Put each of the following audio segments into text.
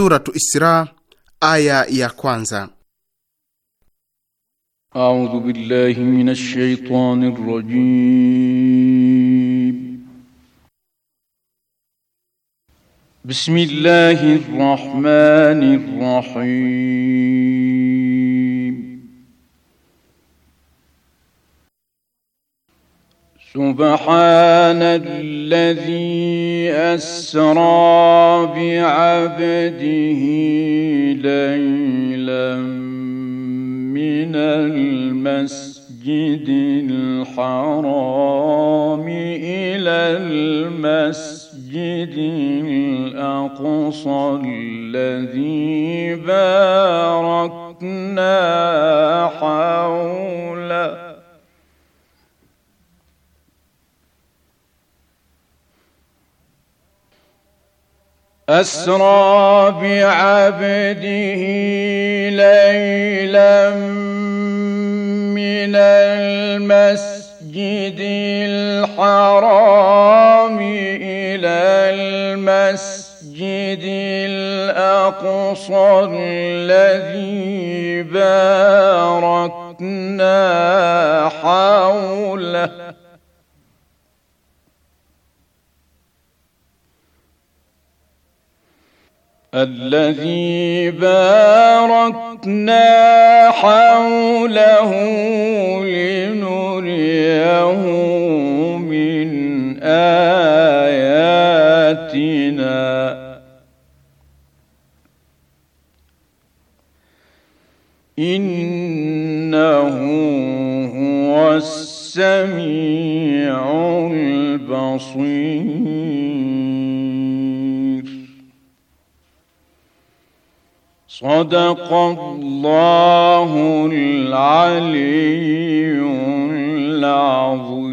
Suratu Isra aya ya kwanza. A'udhu billahi minash shaitanir rajim. Bismillahir rahmanir rahim. Subhanalladhi أسرى بعبده ليلا من المسجد الحرام إلى المسجد الأقصى الذي باركنا حوله أسرى بعبده ليلا من المسجد الحرام إلى المسجد الأقصى الذي باركنا حوله الذي باركنا حوله لنريه من اياتنا انه هو السميع البصير الله العلي العظيم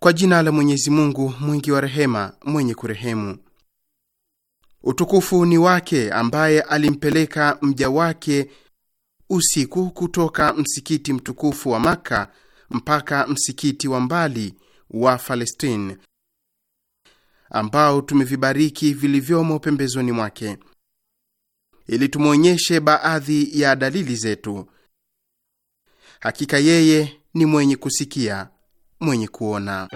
Kwa jina la Mwenyezi Mungu mwingi wa rehema, mwenye kurehemu. Utukufu ni wake ambaye alimpeleka mja wake usiku kutoka msikiti mtukufu wa Maka mpaka msikiti wa mbali wa Palestina ambao tumevibariki vilivyomo pembezoni mwake, ili tumwonyeshe baadhi ya dalili zetu. Hakika yeye ni mwenye kusikia, mwenye kuona.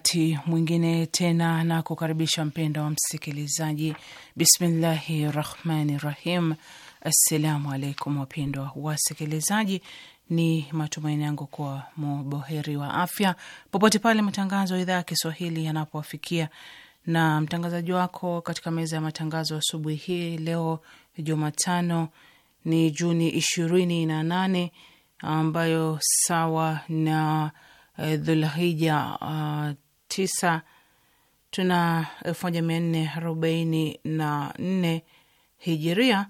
wakati mwingine tena na kukaribisha mpendo wa msikilizaji. Bismillahi rahmani rahim. Assalamu alaikum wapendwa wasikilizaji, ni matumaini yangu kuwa muboheri wa afya popote pale matangazo ya idhaa ya Kiswahili yanapowafikia, na mtangazaji wako katika meza ya matangazo asubuhi hii leo Jumatano ni Juni ishirini na nane ambayo sawa na eh, Dhulhija ah, tisa tuna elfu moja mia nne arobaini na nne hijiria.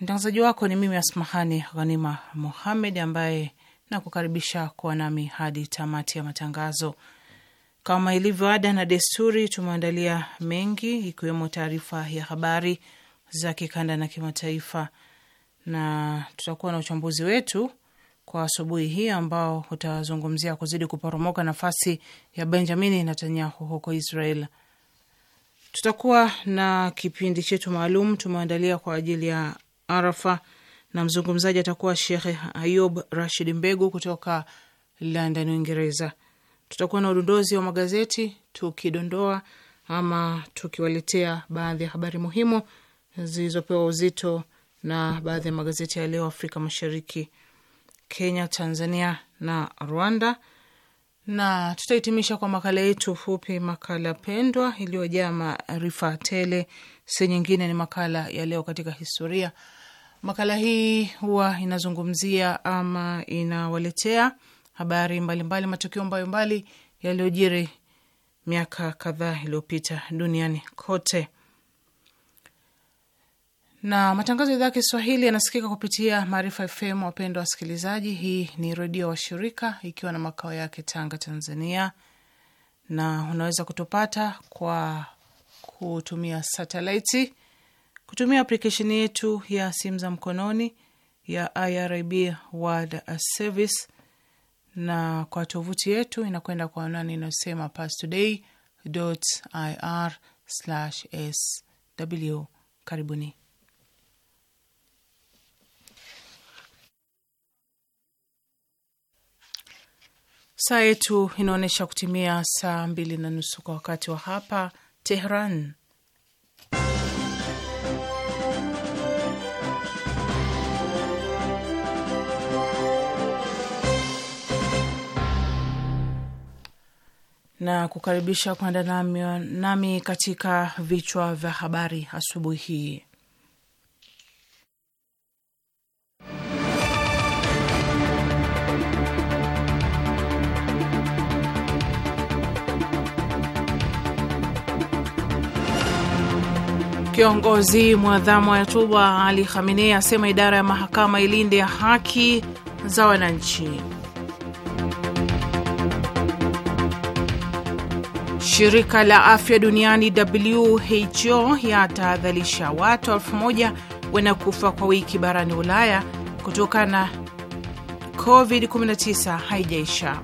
Mtangazaji wako ni mimi Asmahani Ghanima Muhammed ambaye nakukaribisha kuwa nami hadi tamati ya matangazo. Kama ilivyo ada na desturi, tumeandalia mengi, ikiwemo taarifa ya habari za kikanda na kimataifa, na tutakuwa na uchambuzi wetu kwa asubuhi hii ambao utazungumzia kuzidi kuporomoka nafasi ya Benjamini Netanyahu huko Israel. Tutakuwa na kipindi chetu maalum tumeandalia kwa ajili ya Arafa na mzungumzaji atakuwa Shekhe Ayub Rashid Mbegu kutoka London, Uingereza. Tutakuwa na udondozi wa magazeti tukidondoa ama tukiwaletea baadhi ya habari muhimu zilizopewa uzito na baadhi ya magazeti ya leo Afrika Mashariki. Kenya, Tanzania na Rwanda. Na tutahitimisha kwa makala yetu fupi, makala pendwa iliyojaa maarifa tele, si nyingine ni makala ya leo katika historia. Makala hii huwa inazungumzia ama inawaletea habari mbalimbali, matukio mbalimbali yaliyojiri miaka kadhaa iliyopita duniani kote na matangazo ya idhaa ya Kiswahili yanasikika kupitia Maarifa FM. Wapendwa wasikilizaji, hii ni redio washirika ikiwa na makao yake Tanga, Tanzania, na unaweza kutupata kwa kutumia satelaiti, kutumia aplikesheni yetu ya simu za mkononi ya IRIB World Service, na kwa tovuti yetu inakwenda kwa anwani inayosema pastoday ir sw. Karibuni. Saa yetu inaonyesha kutimia saa mbili na nusu kwa wakati wa hapa Tehran. na kukaribisha kuenda nami, nami katika vichwa vya habari asubuhi hii. Kiongozi mwadhamu wa Yatuba Ali Khamenei asema idara ya mahakama ilinde ya haki za wananchi. Shirika la afya duniani WHO yatahadharisha watu elfu moja wanakufa kwa wiki barani Ulaya kutokana na COVID-19 haijaisha.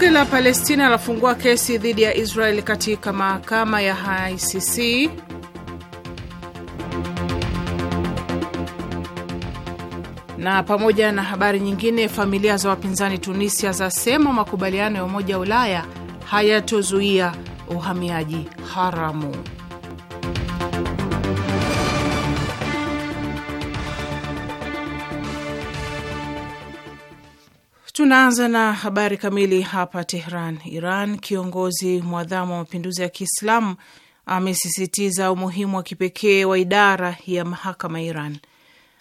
Bunge la Palestina lafungua kesi dhidi ya Israel katika mahakama ya ICC. Na pamoja na habari nyingine, familia za wapinzani Tunisia zasema makubaliano ya Umoja wa Ulaya hayatozuia uhamiaji haramu. Tunaanza na habari kamili hapa Tehran, Iran. Kiongozi mwadhamu wa mapinduzi ya Kiislamu amesisitiza umuhimu wa kipekee wa idara ya mahakama Iran,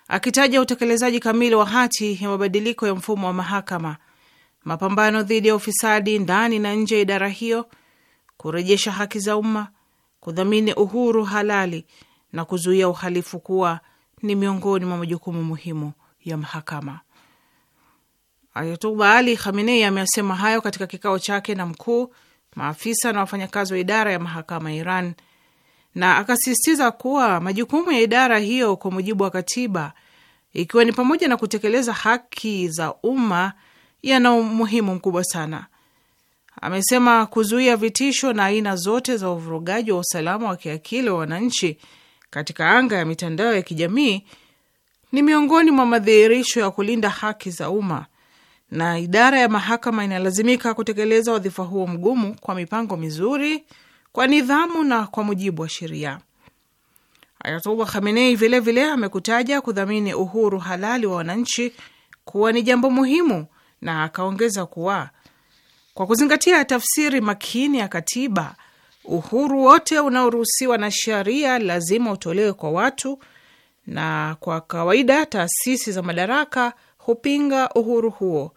akitaja utekelezaji kamili wa hati ya mabadiliko ya mfumo wa mahakama, mapambano dhidi ya ufisadi ndani na nje ya idara hiyo, kurejesha haki za umma, kudhamini uhuru halali na kuzuia uhalifu kuwa ni miongoni mwa majukumu muhimu ya mahakama. Ayatullah Ali Khamenei ameasema hayo katika kikao chake na mkuu, maafisa na wafanyakazi wa idara ya mahakama ya Iran, na akasisitiza kuwa majukumu ya idara hiyo kwa mujibu wa katiba, ikiwa ni pamoja na kutekeleza haki za umma, yana umuhimu mkubwa sana. Amesema kuzuia vitisho na aina zote za uvurugaji wa usalama wa kiakili wa wananchi katika anga ya mitandao ya kijamii ni miongoni mwa madhihirisho ya kulinda haki za umma na idara ya mahakama inalazimika kutekeleza wadhifa huo mgumu kwa mipango mizuri, kwa nidhamu na kwa mujibu wa sheria. Ayatullah Khamenei vilevile amekutaja kudhamini uhuru halali wa wananchi kuwa ni jambo muhimu, na akaongeza kuwa kwa kuzingatia tafsiri makini ya katiba, uhuru wote unaoruhusiwa na sheria lazima utolewe kwa watu, na kwa kawaida taasisi za madaraka hupinga uhuru huo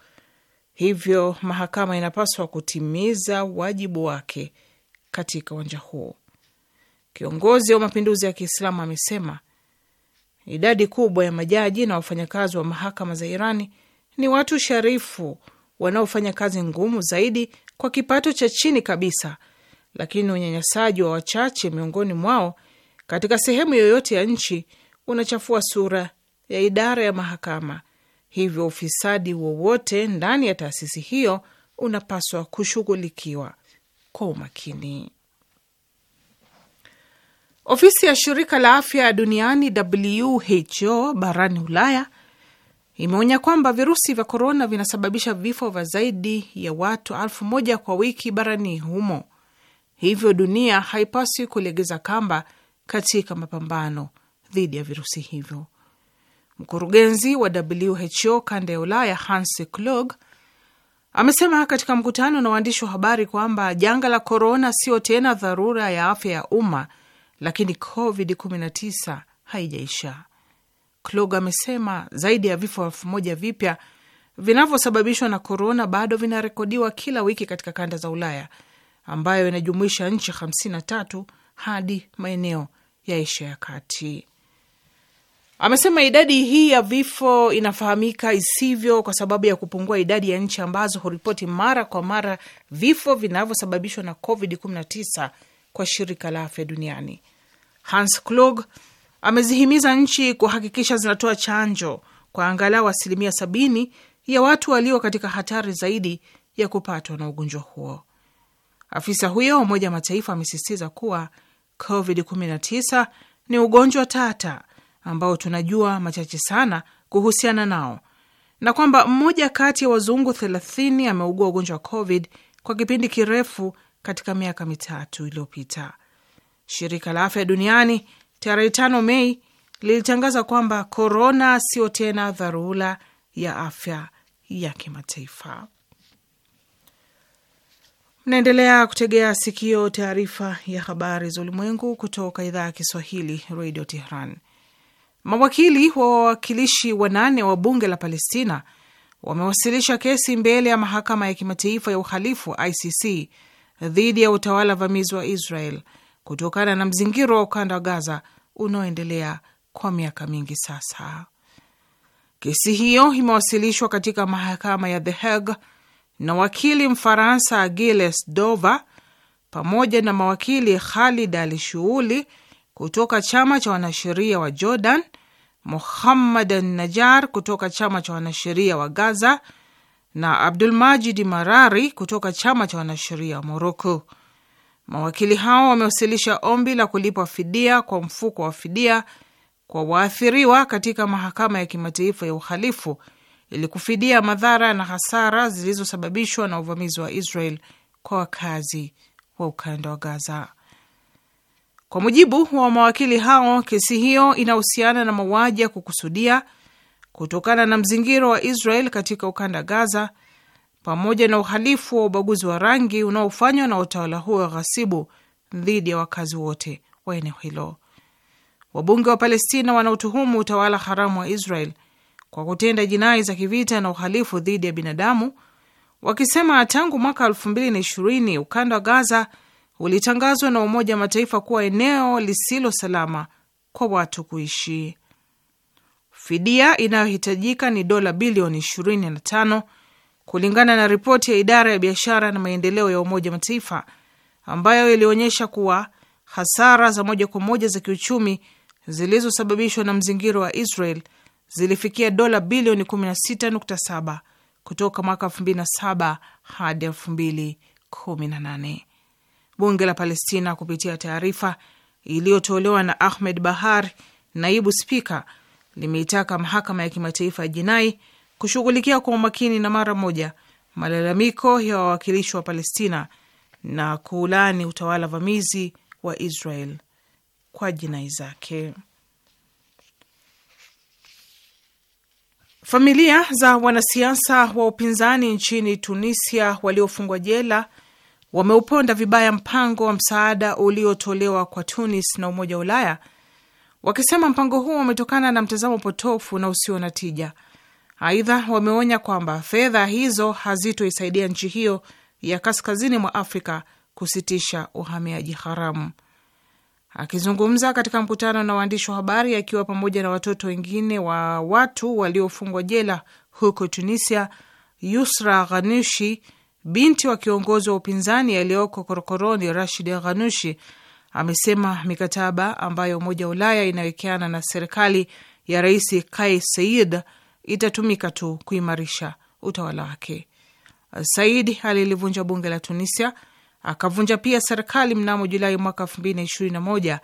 Hivyo mahakama inapaswa kutimiza wajibu wake katika uwanja huo. Kiongozi wa mapinduzi ya Kiislamu amesema idadi kubwa ya majaji na wafanyakazi wa mahakama za Irani ni watu sharifu wanaofanya kazi ngumu zaidi kwa kipato cha chini kabisa, lakini unyanyasaji wa wachache miongoni mwao katika sehemu yoyote ya nchi unachafua sura ya idara ya mahakama hivyo ufisadi wowote ndani ya taasisi hiyo unapaswa kushughulikiwa kwa umakini. Ofisi ya shirika la afya duniani WHO barani Ulaya imeonya kwamba virusi vya korona vinasababisha vifo vya zaidi ya watu elfu moja kwa wiki barani humo, hivyo dunia haipaswi kulegeza kamba katika mapambano dhidi ya virusi hivyo. Mkurugenzi wa WHO kanda ya Ulaya hans Klug amesema katika mkutano na waandishi wa habari kwamba janga la korona sio tena dharura ya afya ya umma, lakini COVID-19 haijaisha. Klug amesema zaidi ya vifo elfu moja vipya vinavyosababishwa na korona bado vinarekodiwa kila wiki katika kanda za Ulaya ambayo inajumuisha nchi 53 hadi maeneo ya Asia ya kati. Amesema idadi hii ya vifo inafahamika isivyo kwa sababu ya kupungua idadi ya nchi ambazo huripoti mara kwa mara vifo vinavyosababishwa na COVID-19 kwa shirika la afya duniani. Hans clog amezihimiza nchi kuhakikisha zinatoa chanjo kwa angalau asilimia sabini ya watu walio katika hatari zaidi ya kupatwa na ugonjwa huo. Afisa huyo wa Umoja wa Mataifa amesisitiza kuwa COVID-19 ni ugonjwa tata ambao tunajua machache sana kuhusiana nao na kwamba mmoja kati ya wazungu thelathini ameugua ugonjwa wa COVID kwa kipindi kirefu katika miaka mitatu iliyopita. Shirika la Afya Duniani tarehe tano Mei lilitangaza kwamba korona sio tena dharura ya afya ya kimataifa. Mnaendelea kutegea sikio taarifa ya habari za ulimwengu kutoka idhaa ya Kiswahili, Radio Tehran. Mawakili wa wawakilishi wanane wa bunge la Palestina wamewasilisha kesi mbele ya mahakama ya kimataifa ya uhalifu ICC dhidi ya utawala vamizi wa Israel kutokana na mzingiro wa ukanda wa Gaza unaoendelea kwa miaka mingi sasa. Kesi hiyo imewasilishwa katika mahakama ya The Hague na wakili Mfaransa Gilles Dova pamoja na mawakili Khalid Al Shuuli kutoka chama cha wanasheria wa Jordan, Muhammad Najar kutoka chama cha wanasheria wa Gaza na Abdul Majid Marari kutoka chama cha wanasheria wa Moroko. Mawakili hao wamewasilisha ombi la kulipwa fidia kwa mfuko wa fidia kwa waathiriwa katika mahakama ya kimataifa ya uhalifu ili kufidia madhara na hasara zilizosababishwa na uvamizi wa Israel kwa wakazi wa ukanda wa Gaza. Kwa mujibu wa mawakili hao, kesi hiyo inahusiana na mauaji ya kukusudia kutokana na mzingiro wa Israel katika ukanda Gaza, pamoja na uhalifu wa ubaguzi wa rangi unaofanywa na utawala huo wa ghasibu dhidi ya wakazi wote wa eneo hilo. Wabunge wa Palestina wanaotuhumu utawala haramu wa Israel kwa kutenda jinai za kivita na uhalifu dhidi ya binadamu, wakisema tangu mwaka 220 ukanda wa Gaza ulitangazwa na Umoja wa Mataifa kuwa eneo lisilo salama kwa watu kuishi. Fidia inayohitajika ni dola bilioni 25 kulingana na ripoti ya idara ya biashara na maendeleo ya Umoja wa Mataifa ambayo ilionyesha kuwa hasara za moja kwa moja za kiuchumi zilizosababishwa na mzingiro wa Israel zilifikia dola bilioni 16.7 kutoka mwaka 2007 hadi 2018 bunge la Palestina kupitia taarifa iliyotolewa na Ahmed Bahar, naibu spika, limeitaka mahakama ya kimataifa ya jinai kushughulikia kwa umakini na mara moja malalamiko ya wawakilishi wa Palestina na kuulani utawala vamizi wa Israel kwa jinai zake. Familia za wanasiasa wa upinzani nchini Tunisia waliofungwa jela wameuponda vibaya mpango wa msaada uliotolewa kwa Tunis na Umoja wa Ulaya, wakisema mpango huo umetokana na mtazamo potofu na usio na tija. Aidha, wameonya kwamba fedha hizo hazitoisaidia nchi hiyo ya kaskazini mwa Afrika kusitisha uhamiaji haramu. Akizungumza katika mkutano na waandishi wa habari akiwa pamoja na watoto wengine wa watu waliofungwa jela huko Tunisia, Yusra Ghanushi binti wa kiongozi wa upinzani aliyoko korokoroni Rashid Ghanushi amesema mikataba ambayo Umoja wa Ulaya inawekeana na serikali ya Rais Kais Saied itatumika tu kuimarisha utawala wake. Said alilivunja bunge la Tunisia, akavunja pia serikali mnamo Julai mwaka moja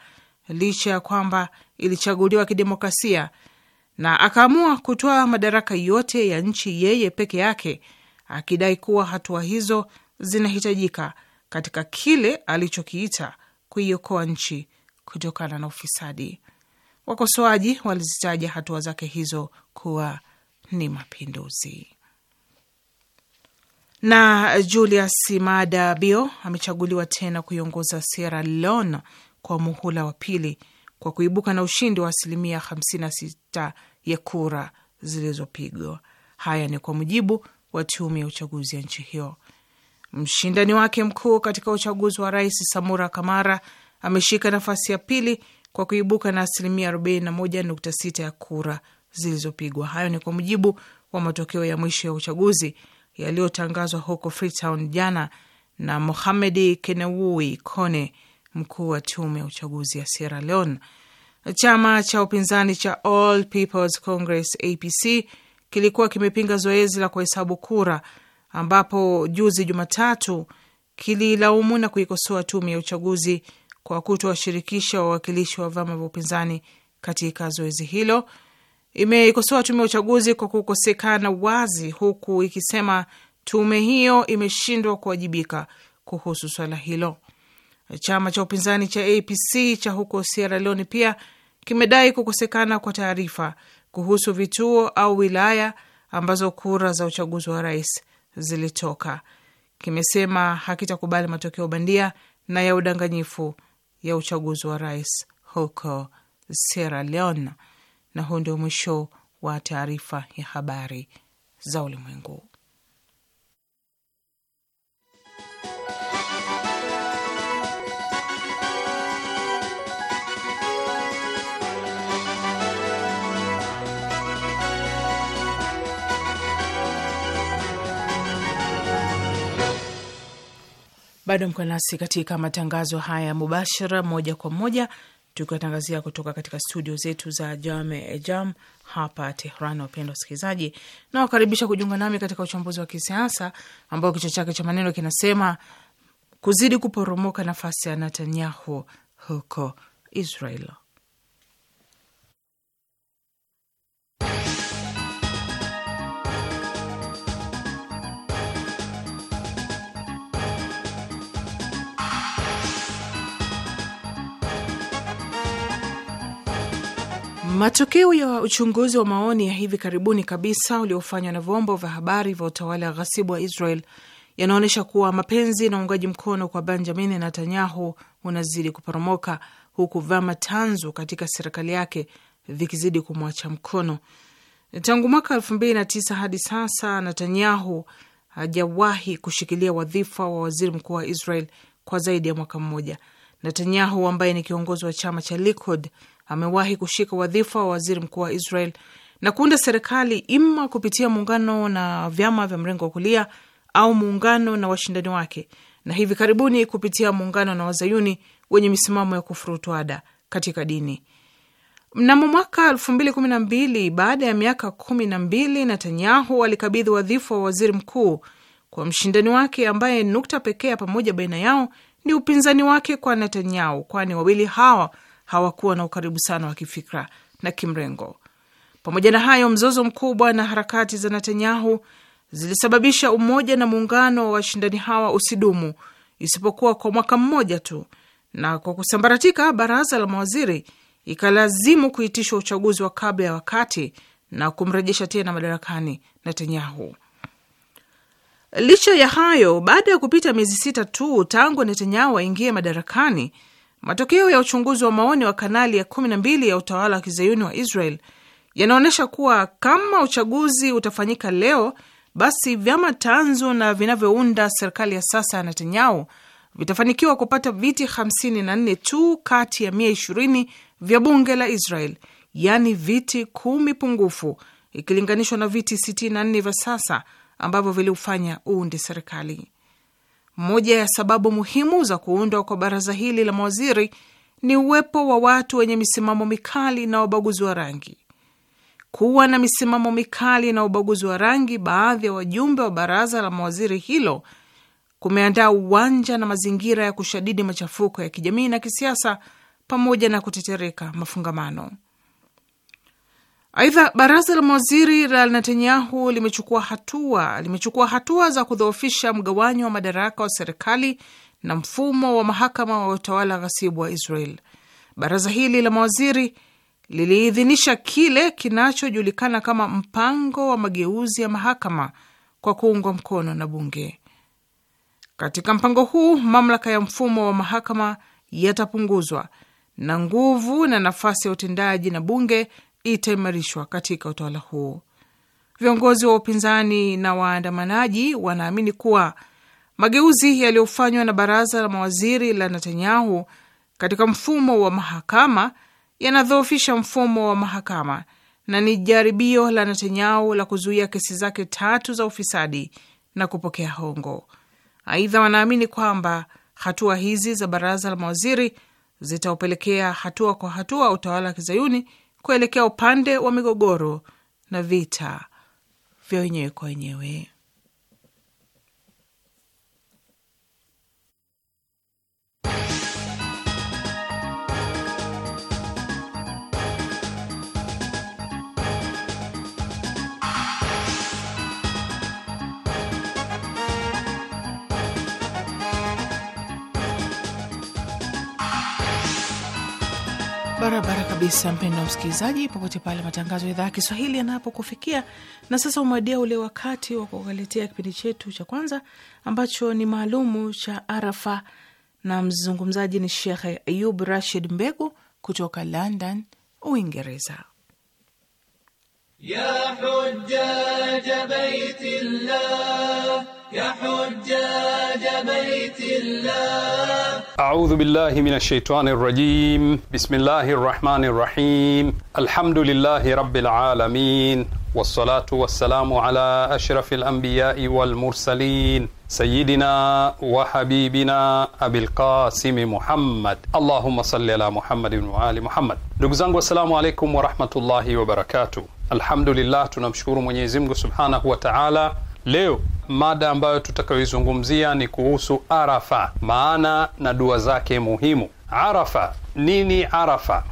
licha ya kwamba ilichaguliwa kidemokrasia, na akaamua kutoa madaraka yote ya nchi yeye peke yake akidai kuwa hatua hizo zinahitajika katika kile alichokiita kuiokoa nchi kutokana na ufisadi. Wakosoaji walizitaja hatua zake hizo kuwa ni mapinduzi. Na Julius Maada Bio amechaguliwa tena kuiongoza Sierra Leone kwa muhula wa pili kwa kuibuka na ushindi wa asilimia 56 ya kura zilizopigwa. Haya ni kwa mujibu wa tume ya uchaguzi ya nchi hiyo. Mshindani wake mkuu katika uchaguzi wa rais Samura Kamara ameshika nafasi ya pili kwa kuibuka na asilimia 41.6 ya kura zilizopigwa. Hayo ni kwa mujibu wa matokeo ya mwisho ya uchaguzi yaliyotangazwa huko Freetown jana na Mohamedi Kenewui Kone, mkuu wa tume ya uchaguzi ya Sierra Leone. Chama cha upinzani cha All Peoples Congress APC kilikuwa kimepinga zoezi la kuhesabu kura, ambapo juzi Jumatatu kililaumu na kuikosoa tume ya uchaguzi kwa kutowashirikisha wawakilishi wa vyama vya upinzani katika zoezi hilo. Imeikosoa tume ya uchaguzi kwa kukosekana wazi, huku ikisema tume hiyo imeshindwa kuwajibika kuhusu swala hilo. Chama cha upinzani cha APC cha huko Sierra Leone pia kimedai kukosekana kwa taarifa kuhusu vituo au wilaya ambazo kura za uchaguzi wa rais zilitoka. Kimesema hakitakubali matokeo bandia na ya udanganyifu ya uchaguzi wa rais huko Sierra Leone. Na huu ndio mwisho wa taarifa ya habari za ulimwengu. Bado mko nasi katika matangazo haya mubashara, moja kwa moja, tukiwatangazia kutoka katika studio zetu za Jame Jam hapa Tehran. Wapendwa wasikilizaji, nawakaribisha kujiunga nami katika uchambuzi wa kisiasa ambao kichwa chake cha maneno kinasema kuzidi kuporomoka nafasi ya Netanyahu huko Israel. Matokeo ya uchunguzi wa maoni ya hivi karibuni kabisa uliofanywa na vyombo vya habari vya utawala ghasibu wa Israel yanaonyesha kuwa mapenzi na uungaji mkono kwa Benjamin Netanyahu unazidi kuporomoka huku vyama tanzu katika serikali yake vikizidi kumwacha mkono. Tangu mwaka elfu mbili na tisa hadi sasa Netanyahu hajawahi kushikilia wadhifa wa waziri mkuu wa Israel kwa zaidi ya mwaka mmoja. Netanyahu ambaye ni kiongozi wa chama cha Likud amewahi kushika wadhifa wa waziri mkuu wa Israel na kuunda serikali ima kupitia muungano na vyama vya mrengo wa kulia au muungano na washindani wake, na hivi karibuni kupitia muungano na wazayuni wenye misimamo ya kufurutu ada katika dini. Mnamo mwaka 2012 baada ya miaka kumi na mbili, Netanyahu alikabidhi wadhifa wa waziri mkuu kwa mshindani wake ambaye nukta pekee ya pamoja baina yao ni upinzani wake kwa Netanyahu, kwani wawili hawa hawakuwa na ukaribu sana wa kifikra na kimrengo. Pamoja na hayo, mzozo mkubwa na harakati za Netanyahu zilisababisha umoja na muungano wa washindani hawa usidumu isipokuwa kwa mwaka mmoja tu, na kwa kusambaratika baraza la mawaziri ikalazimu kuitishwa uchaguzi wa kabla ya wakati na kumrejesha tena madarakani Netanyahu. Licha ya hayo, baada ya kupita miezi sita tu tangu Netanyahu aingie madarakani, Matokeo ya uchunguzi wa maoni wa kanali ya mbili ya utawala wa kizayuni wa Israel yanaonyesha kuwa kama uchaguzi utafanyika leo, basi vyama tanzu na vinavyounda serikali ya sasa ya Netanyahu vitafanikiwa kupata viti 54 tu kati ya 120 vya bunge la Israel, yaani viti kumi pungufu ikilinganishwa na viti 64 vya sasa ambavyo viliufanya uunde serikali. Moja ya sababu muhimu za kuundwa kwa baraza hili la mawaziri ni uwepo wa watu wenye misimamo mikali na ubaguzi wa rangi. Kuwa na misimamo mikali na ubaguzi wa rangi baadhi ya wajumbe wa baraza la mawaziri hilo kumeandaa uwanja na mazingira ya kushadidi machafuko ya kijamii na kisiasa pamoja na kutetereka mafungamano. Aidha, baraza la mawaziri la Netanyahu limechukua hatua limechukua hatua za kudhoofisha mgawanyo wa madaraka wa serikali na mfumo wa mahakama wa utawala ghasibu wa Israel. Baraza hili la mawaziri liliidhinisha kile kinachojulikana kama mpango wa mageuzi ya mahakama kwa kuungwa mkono na bunge. Katika mpango huu, mamlaka ya mfumo wa mahakama yatapunguzwa na nguvu na nafasi ya utendaji na bunge itaimarishwa katika utawala huo. Viongozi wa upinzani na waandamanaji wanaamini kuwa mageuzi yaliyofanywa na baraza la mawaziri la Netanyahu katika mfumo wa mahakama yanadhoofisha mfumo wa mahakama na ni jaribio la Netanyahu la kuzuia kesi zake tatu za ufisadi na kupokea hongo. Aidha, wanaamini kwamba hatua hizi za baraza la mawaziri zitaupelekea hatua kwa hatua utawala wa kizayuni kuelekea upande wa migogoro na vita vya wenyewe kwa wenyewe. Barabara kabisa, mpendwa msikilizaji, popote pale matangazo ya idhaa ya Kiswahili yanapokufikia. Na sasa umewadia ule wakati wa kukaletea kipindi chetu cha kwanza ambacho ni maalumu cha Arafa, na mzungumzaji ni Shekhe Ayub Rashid Mbegu kutoka London, Uingereza. ya baitillah يا حجاج بيت الله أعوذ بالله من الشيطان الرجيم بسم الله الرحمن الرحيم الحمد لله رب العالمين والصلاة والسلام على أشرف الأنبياء والمرسلين سيدنا وحبيبنا أبي القاسم محمد اللهم صل على محمد وآل محمد ndugu zangu wassalamu alaikum warahmatullahi wabarakatuh alhamdulillah tunamshukuru mwenyezi mungu subhanahu wa taala Leo mada ambayo tutakayoizungumzia ni kuhusu Arafa, maana na dua zake muhimu. Arafa, nini Arafa?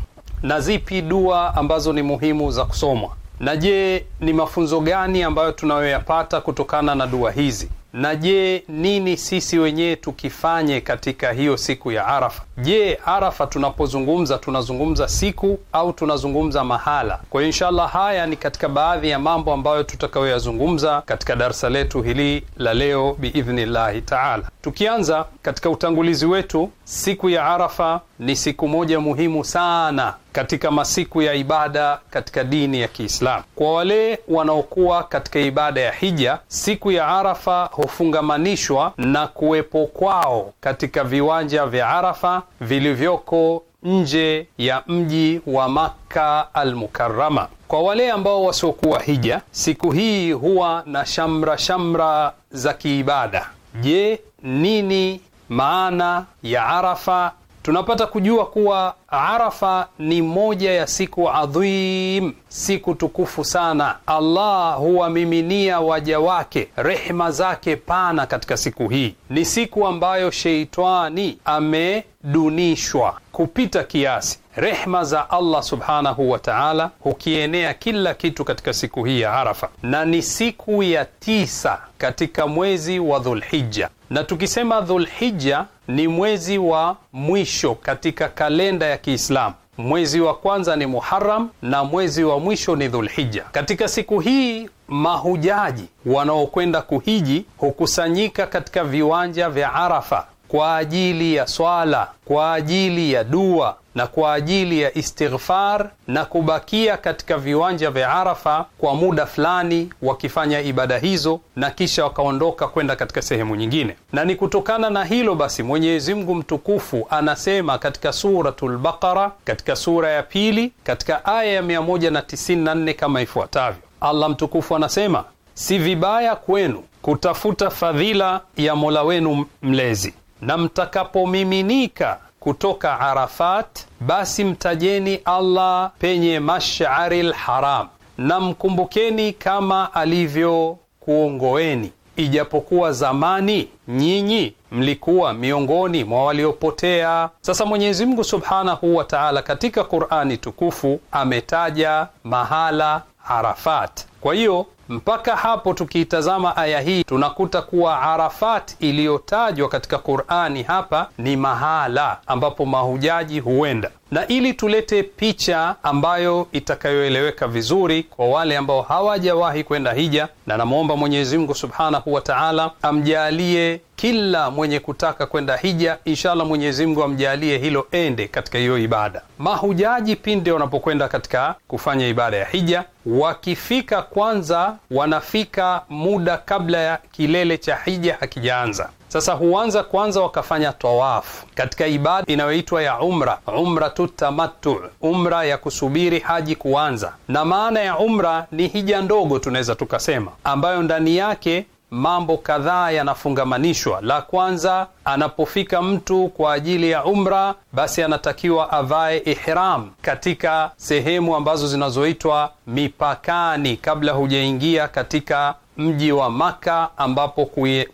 Na zipi dua ambazo ni muhimu za kusomwa? Na je, ni mafunzo gani ambayo tunayoyapata kutokana na dua hizi? na je, nini sisi wenyewe tukifanye katika hiyo siku ya Arafa? Je, Arafa tunapozungumza tunazungumza siku au tunazungumza mahala? Kwa hiyo inshallah, haya ni katika baadhi ya mambo ambayo tutakayoyazungumza katika darsa letu hili la leo biidhnillahi taala. Tukianza katika utangulizi wetu, siku ya Arafa ni siku moja muhimu sana katika masiku ya ibada katika dini ya Kiislamu. Kwa wale wanaokuwa katika ibada ya hija, siku ya Arafa hufungamanishwa na kuwepo kwao katika viwanja vya Arafa vilivyoko nje ya mji wa Makka Almukarama. Kwa wale ambao wasiokuwa hija, siku hii huwa na shamra shamra za kiibada. Je, nini maana ya Arafa? tunapata kujua kuwa Arafa ni moja ya siku adhim, siku tukufu sana. Allah huwamiminia waja wake rehma zake pana katika siku hii. Ni siku ambayo sheitani amedunishwa kupita kiasi. Rehma za Allah subhanahu wa taala hukienea kila kitu katika siku hii ya Arafa, na ni siku ya tisa katika mwezi wa Dhulhijja. Na tukisema Dhulhija ni mwezi wa mwisho katika kalenda ya Kiislamu. Mwezi wa kwanza ni muharam na mwezi wa mwisho ni Dhulhija. Katika siku hii mahujaji wanaokwenda kuhiji hukusanyika katika viwanja vya Arafa kwa ajili ya swala, kwa ajili ya dua na kwa ajili ya istighfar na kubakia katika viwanja vya Arafa kwa muda fulani wakifanya ibada hizo na kisha wakaondoka kwenda katika sehemu nyingine. Na ni kutokana na hilo basi Mwenyezi Mungu mtukufu anasema katika Suratul Baqara, katika sura ya pili, katika aya ya 194 kama ifuatavyo. Allah mtukufu anasema, si vibaya kwenu kutafuta fadhila ya Mola wenu mlezi na mtakapomiminika kutoka Arafat, basi mtajeni Allah penye Mash'ari lharam na mkumbukeni kama alivyokuongoeni, ijapokuwa zamani nyinyi mlikuwa miongoni mwa waliopotea. Sasa Mwenyezi Mungu subhanahu wa taala katika Qur'ani tukufu ametaja mahala Arafat, kwa hiyo mpaka hapo tukiitazama aya hii tunakuta kuwa Arafat iliyotajwa katika Qur'ani hapa ni mahala ambapo mahujaji huenda, na ili tulete picha ambayo itakayoeleweka vizuri kwa wale ambao hawajawahi kwenda hija, na namwomba Mwenyezi Mungu Subhanahu wa Ta'ala amjalie kila mwenye kutaka kwenda hija, inshallah Mwenyezi Mungu amjalie hilo, ende katika hiyo ibada. Mahujaji pinde wanapokwenda katika kufanya ibada ya hija, wakifika kwanza, wanafika muda kabla ya kilele cha hija hakijaanza. Sasa huanza kwanza, wakafanya tawafu katika ibada inayoitwa ya umra, umratu tamattu, umra ya kusubiri haji kuanza. Na maana ya umra ni hija ndogo, tunaweza tukasema, ambayo ndani yake mambo kadhaa yanafungamanishwa. La kwanza, anapofika mtu kwa ajili ya umra, basi anatakiwa avae ihram katika sehemu ambazo zinazoitwa mipakani, kabla hujaingia katika mji wa makka ambapo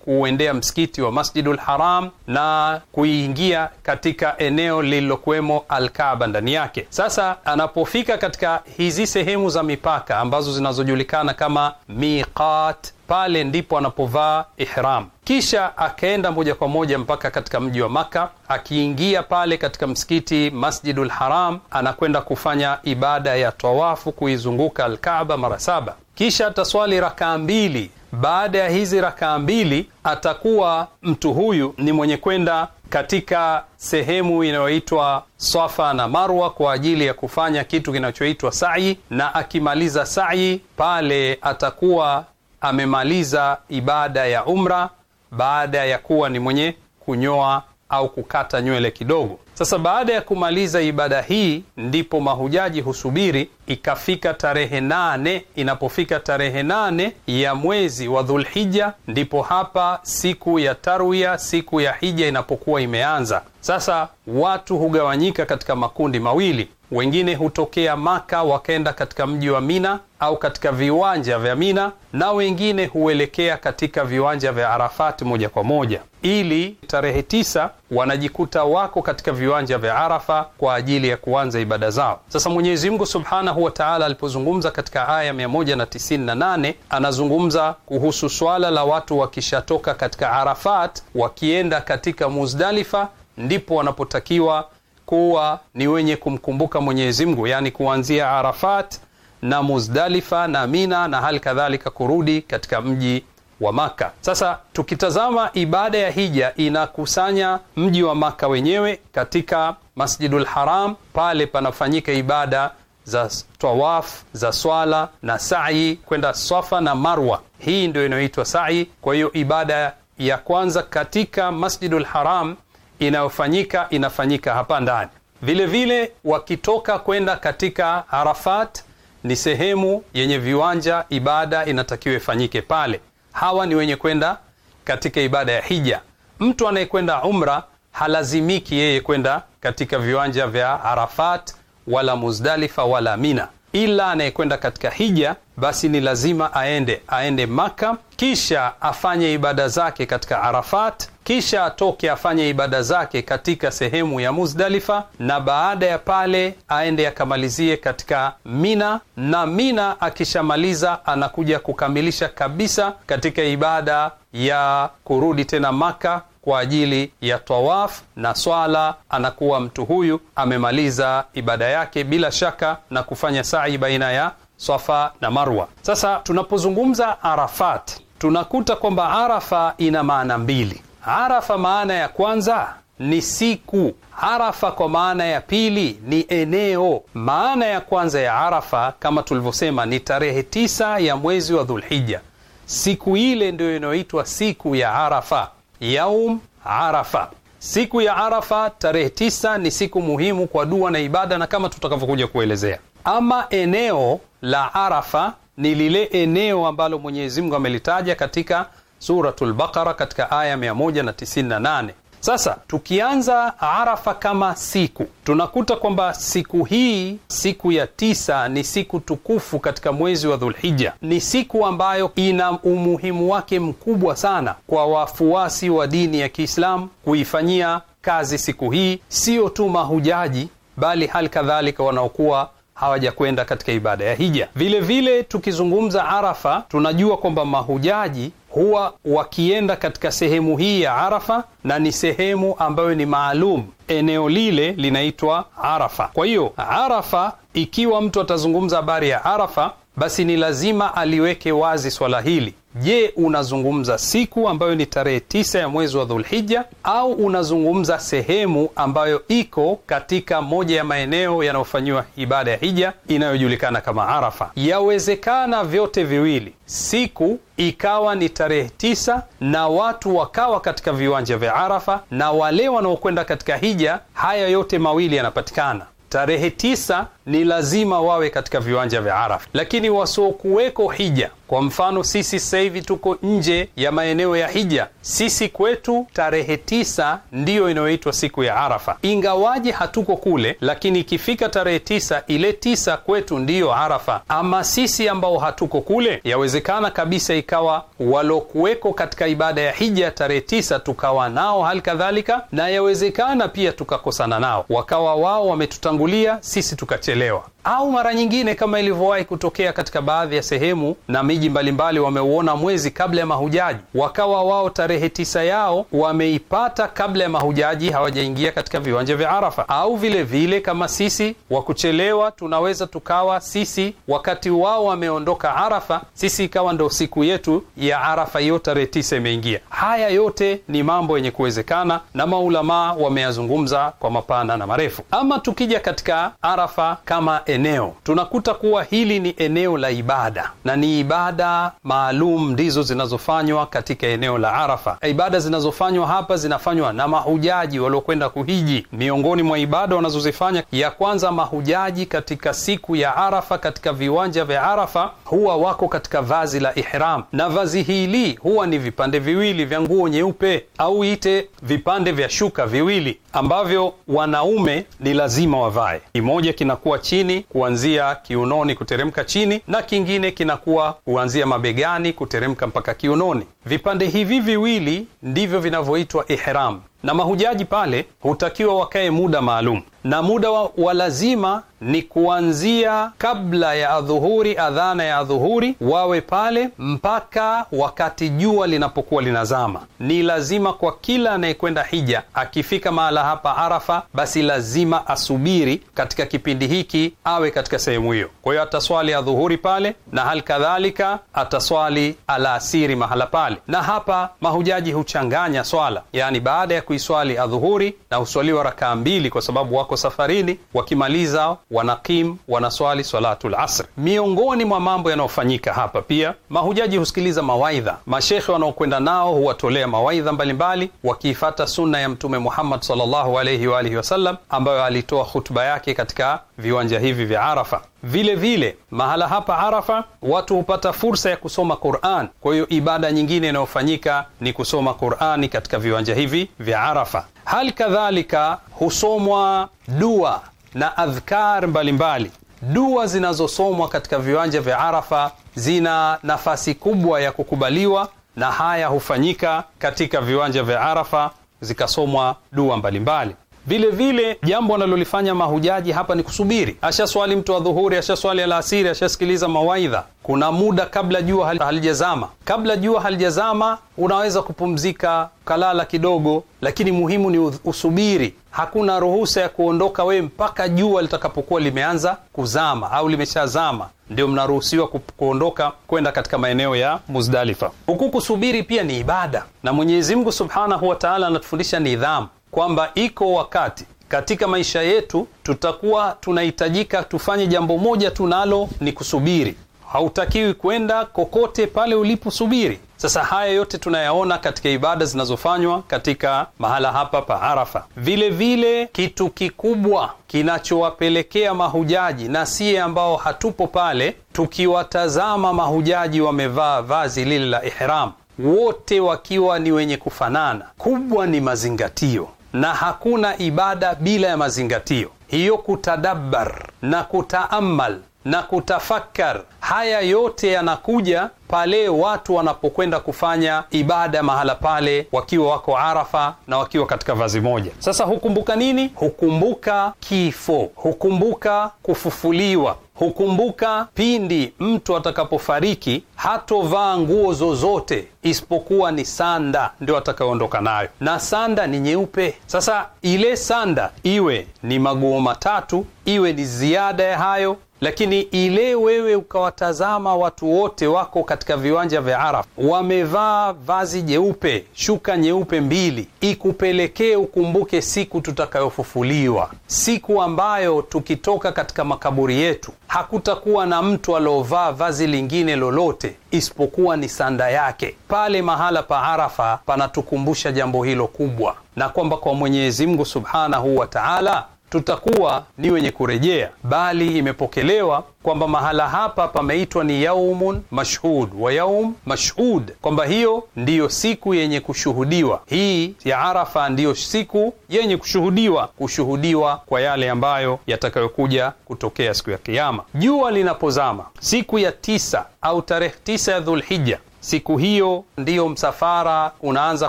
kuuendea msikiti wa Masjidul Haram na kuingia katika eneo lililokuwemo Alkaaba ndani yake. Sasa anapofika katika hizi sehemu za mipaka ambazo zinazojulikana kama miqat pale ndipo anapovaa ihram, kisha akaenda moja kwa moja mpaka katika mji wa Maka. Akiingia pale katika msikiti Masjidul Haram, anakwenda kufanya ibada ya tawafu kuizunguka alkaba mara saba, kisha ataswali rakaa mbili. Baada ya hizi rakaa mbili, atakuwa mtu huyu ni mwenye kwenda katika sehemu inayoitwa swafa na Marwa kwa ajili ya kufanya kitu kinachoitwa sa'i, na akimaliza sa'i pale atakuwa amemaliza ibada ya umra baada ya kuwa ni mwenye kunyoa au kukata nywele kidogo. Sasa baada ya kumaliza ibada hii, ndipo mahujaji husubiri ikafika tarehe nane. Inapofika tarehe nane ya mwezi wa Dhulhija, ndipo hapa siku ya tarwia, siku ya hija inapokuwa imeanza. Sasa watu hugawanyika katika makundi mawili, wengine hutokea Maka wakaenda katika mji wa Mina au katika viwanja vya Mina na wengine huelekea katika viwanja vya Arafati moja kwa moja, ili tarehe tisa wanajikuta wako katika viwanja vya Arafa kwa ajili ya kuanza ibada zao. Sasa Mwenyezi Mungu subhanahu wa taala alipozungumza katika aya 198 anazungumza kuhusu swala la watu wakishatoka katika Arafat wakienda katika Muzdalifa, ndipo wanapotakiwa kuwa ni wenye kumkumbuka Mwenyezi Mungu, yani kuanzia Arafat na Muzdalifa na Mina na hali kadhalika kurudi katika mji wa Maka. Sasa tukitazama ibada ya hija inakusanya mji wa Maka wenyewe katika Masjidul Haram, pale panafanyika ibada za tawaf za swala na sa'i kwenda Swafa na Marwa. Hii ndio inayoitwa sa'i. Kwa hiyo ibada ya kwanza katika Masjidul Haram inayofanyika inafanyika hapa ndani. vilevile wakitoka kwenda katika Arafat ni sehemu yenye viwanja, ibada inatakiwa ifanyike pale. Hawa ni wenye kwenda katika ibada ya hija. Mtu anayekwenda umra halazimiki yeye kwenda katika viwanja vya Arafat wala Muzdalifa wala Mina ila anayekwenda katika hija basi ni lazima aende aende Maka, kisha afanye ibada zake katika Arafat, kisha atoke afanye ibada zake katika sehemu ya Muzdalifa, na baada ya pale aende akamalizie katika Mina, na Mina akishamaliza anakuja kukamilisha kabisa katika ibada ya kurudi tena Maka kwa ajili ya tawaf na swala, anakuwa mtu huyu amemaliza ibada yake bila shaka na kufanya sa'i baina ya swafa na Marwa. Sasa tunapozungumza Arafat, tunakuta kwamba Arafa ina maana mbili. Arafa maana ya kwanza ni siku. Arafa kwa maana ya pili ni eneo. Maana ya kwanza ya Arafa kama tulivyosema ni tarehe tisa ya mwezi wa Dhulhija. Siku ile ndiyo inayoitwa siku ya Arafa yaum Arafa. Siku ya Arafa tarehe tisa ni siku muhimu kwa dua na ibada, na kama tutakavyokuja kuelezea. Ama eneo la Arafa ni lile eneo ambalo mwenyezimngu amelitaja katika suratu lbaara katika aya 198 sasa tukianza Arafa kama siku, tunakuta kwamba siku hii, siku ya tisa, ni siku tukufu katika mwezi wa Dhulhija. Ni siku ambayo ina umuhimu wake mkubwa sana kwa wafuasi wa dini ya Kiislamu kuifanyia kazi siku hii, sio tu mahujaji, bali hali kadhalika wanaokuwa hawajakwenda katika ibada ya hija. Vilevile vile, tukizungumza Arafa tunajua kwamba mahujaji huwa wakienda katika sehemu hii ya Arafa, na ni sehemu ambayo ni maalum. Eneo lile linaitwa Arafa. Kwa hiyo Arafa, ikiwa mtu atazungumza habari ya Arafa, basi ni lazima aliweke wazi swala hili Je, unazungumza siku ambayo ni tarehe tisa ya mwezi wa Dhulhija au unazungumza sehemu ambayo iko katika moja ya maeneo yanayofanyiwa ibada ya hija inayojulikana kama Arafa? Yawezekana vyote viwili, siku ikawa ni tarehe tisa na watu wakawa katika viwanja vya Arafa na wale wanaokwenda katika hija, haya yote mawili yanapatikana. Tarehe tisa ni lazima wawe katika viwanja vya Arafa, lakini wasiokuweko hija. Kwa mfano sisi sasa hivi tuko nje ya maeneo ya hija. Sisi kwetu tarehe tisa ndiyo inayoitwa siku ya Arafa, ingawaje hatuko kule, lakini ikifika tarehe tisa, ile tisa kwetu ndiyo Arafa. Ama sisi ambao hatuko kule, yawezekana kabisa ikawa walokuweko katika ibada ya hija tarehe tisa tukawa nao hali kadhalika, na yawezekana pia tukakosana nao, wakawa wao wametutangulia, sisi tukache kuchelewa au mara nyingine kama ilivyowahi kutokea katika baadhi ya sehemu na miji mbalimbali, wameuona mwezi kabla ya mahujaji, wakawa wao tarehe tisa yao wameipata kabla ya mahujaji hawajaingia katika viwanja vya Arafa. Au vilevile vile kama sisi wa kuchelewa, tunaweza tukawa sisi wakati wao wameondoka Arafa, sisi ikawa ndo siku yetu ya Arafa, hiyo tarehe tisa imeingia. Haya yote ni mambo yenye kuwezekana na maulamaa wameyazungumza kwa mapana na marefu. Ama tukija katika Arafa kama eneo, tunakuta kuwa hili ni eneo la ibada na ni ibada maalum ndizo zinazofanywa katika eneo la Arafa. Ibada zinazofanywa hapa zinafanywa na mahujaji waliokwenda kuhiji. Miongoni mwa ibada wanazozifanya, ya kwanza, mahujaji katika siku ya Arafa katika viwanja vya Arafa huwa wako katika vazi la ihram, na vazi hili huwa ni vipande viwili vya nguo nyeupe au ite vipande vya shuka viwili ambavyo wanaume ni lazima wavae. Kimoja kinakuwa chini kuanzia kiunoni kuteremka chini, na kingine kinakuwa kuanzia mabegani kuteremka mpaka kiunoni. Vipande hivi viwili ndivyo vinavyoitwa ihram na mahujaji pale hutakiwa wakae muda maalum, na muda wa, wa lazima ni kuanzia kabla ya adhuhuri, adhana ya adhuhuri, wawe pale mpaka wakati jua linapokuwa linazama. Ni lazima kwa kila anayekwenda hija, akifika mahala hapa Arafa, basi lazima asubiri katika kipindi hiki, awe katika sehemu hiyo. Kwa hiyo ataswali adhuhuri pale, na hali kadhalika ataswali alaasiri mahala pale, na hapa mahujaji huchanganya swala, yani baada ya kuiswali adhuhuri na huswaliwa rakaa mbili kwa sababu wako safarini. Wakimaliza wanakim wanaswali salatu lasri Miongoni mwa mambo yanayofanyika hapa pia, mahujaji husikiliza mawaidha, mashekhe wanaokwenda nao huwatolea mawaidha mbalimbali, wakiifata sunna ya Mtume Muhammad sallallahu wa alihi wasallam, ambayo alitoa khutuba yake katika viwanja hivi vya Arafa. Vile vile mahala hapa Arafa watu hupata fursa ya kusoma Qur'an. Kwa hiyo ibada nyingine inayofanyika ni kusoma Qur'ani katika viwanja hivi vya Arafa. Hali kadhalika husomwa dua na adhkar mbalimbali. Dua zinazosomwa katika viwanja vya Arafa zina nafasi kubwa ya kukubaliwa, na haya hufanyika katika viwanja vya Arafa, zikasomwa dua mbalimbali vile vile jambo analolifanya mahujaji hapa ni kusubiri. Ashaswali mtu wa dhuhuri, ashaswali alasiri, ashasikiliza mawaidha. Kuna muda kabla jua halijazama, kabla jua halijazama unaweza kupumzika, kalala kidogo, lakini muhimu ni usubiri. Hakuna ruhusa ya kuondoka wewe mpaka jua litakapokuwa limeanza kuzama au limeshazama, ndio mnaruhusiwa kuondoka kwenda katika maeneo ya Muzdalifa. Huku kusubiri pia ni ibada, na Mwenyezi Mungu subhanahu wataala anatufundisha nidhamu kwamba iko wakati katika maisha yetu tutakuwa tunahitajika tufanye jambo moja tu, nalo ni kusubiri. Hautakiwi kwenda kokote pale uliposubiri. Sasa haya yote tunayaona katika ibada zinazofanywa katika mahala hapa pa Arafa. Vile vile kitu kikubwa kinachowapelekea mahujaji na siye ambao hatupo pale, tukiwatazama mahujaji wamevaa vazi lile la ihram, wote wakiwa ni wenye kufanana, kubwa ni mazingatio na hakuna ibada bila ya mazingatio. Hiyo kutadabbar na kutaamal na kutafakar, haya yote yanakuja pale watu wanapokwenda kufanya ibada mahala pale, wakiwa wako Arafa na wakiwa katika vazi moja. Sasa hukumbuka nini? Hukumbuka kifo, hukumbuka kufufuliwa, hukumbuka pindi mtu atakapofariki hatovaa nguo zozote isipokuwa ni sanda ndio atakayoondoka nayo, na sanda ni nyeupe. Sasa ile sanda iwe ni maguo matatu, iwe ni ziada ya hayo lakini ile wewe ukawatazama watu wote wako katika viwanja vya Arafa, wamevaa vazi jeupe, shuka nyeupe mbili, ikupelekee ukumbuke siku tutakayofufuliwa, siku ambayo tukitoka katika makaburi yetu hakutakuwa na mtu aliovaa vazi lingine lolote isipokuwa ni sanda yake. Pale mahala pa Arafa panatukumbusha jambo hilo kubwa, na kwamba kwa Mwenyezi Mungu subhanahu wa taala tutakuwa ni wenye kurejea, bali imepokelewa kwamba mahala hapa pameitwa ni yaumun mashhud wa yaum mashhud, kwamba hiyo ndiyo siku yenye kushuhudiwa. Hii ya Arafa ndiyo siku yenye kushuhudiwa, kushuhudiwa kwa yale ambayo yatakayokuja kutokea siku ya kiama Jua linapozama siku ya tisa au tarehe tisa ya Dhulhija Siku hiyo ndiyo msafara unaanza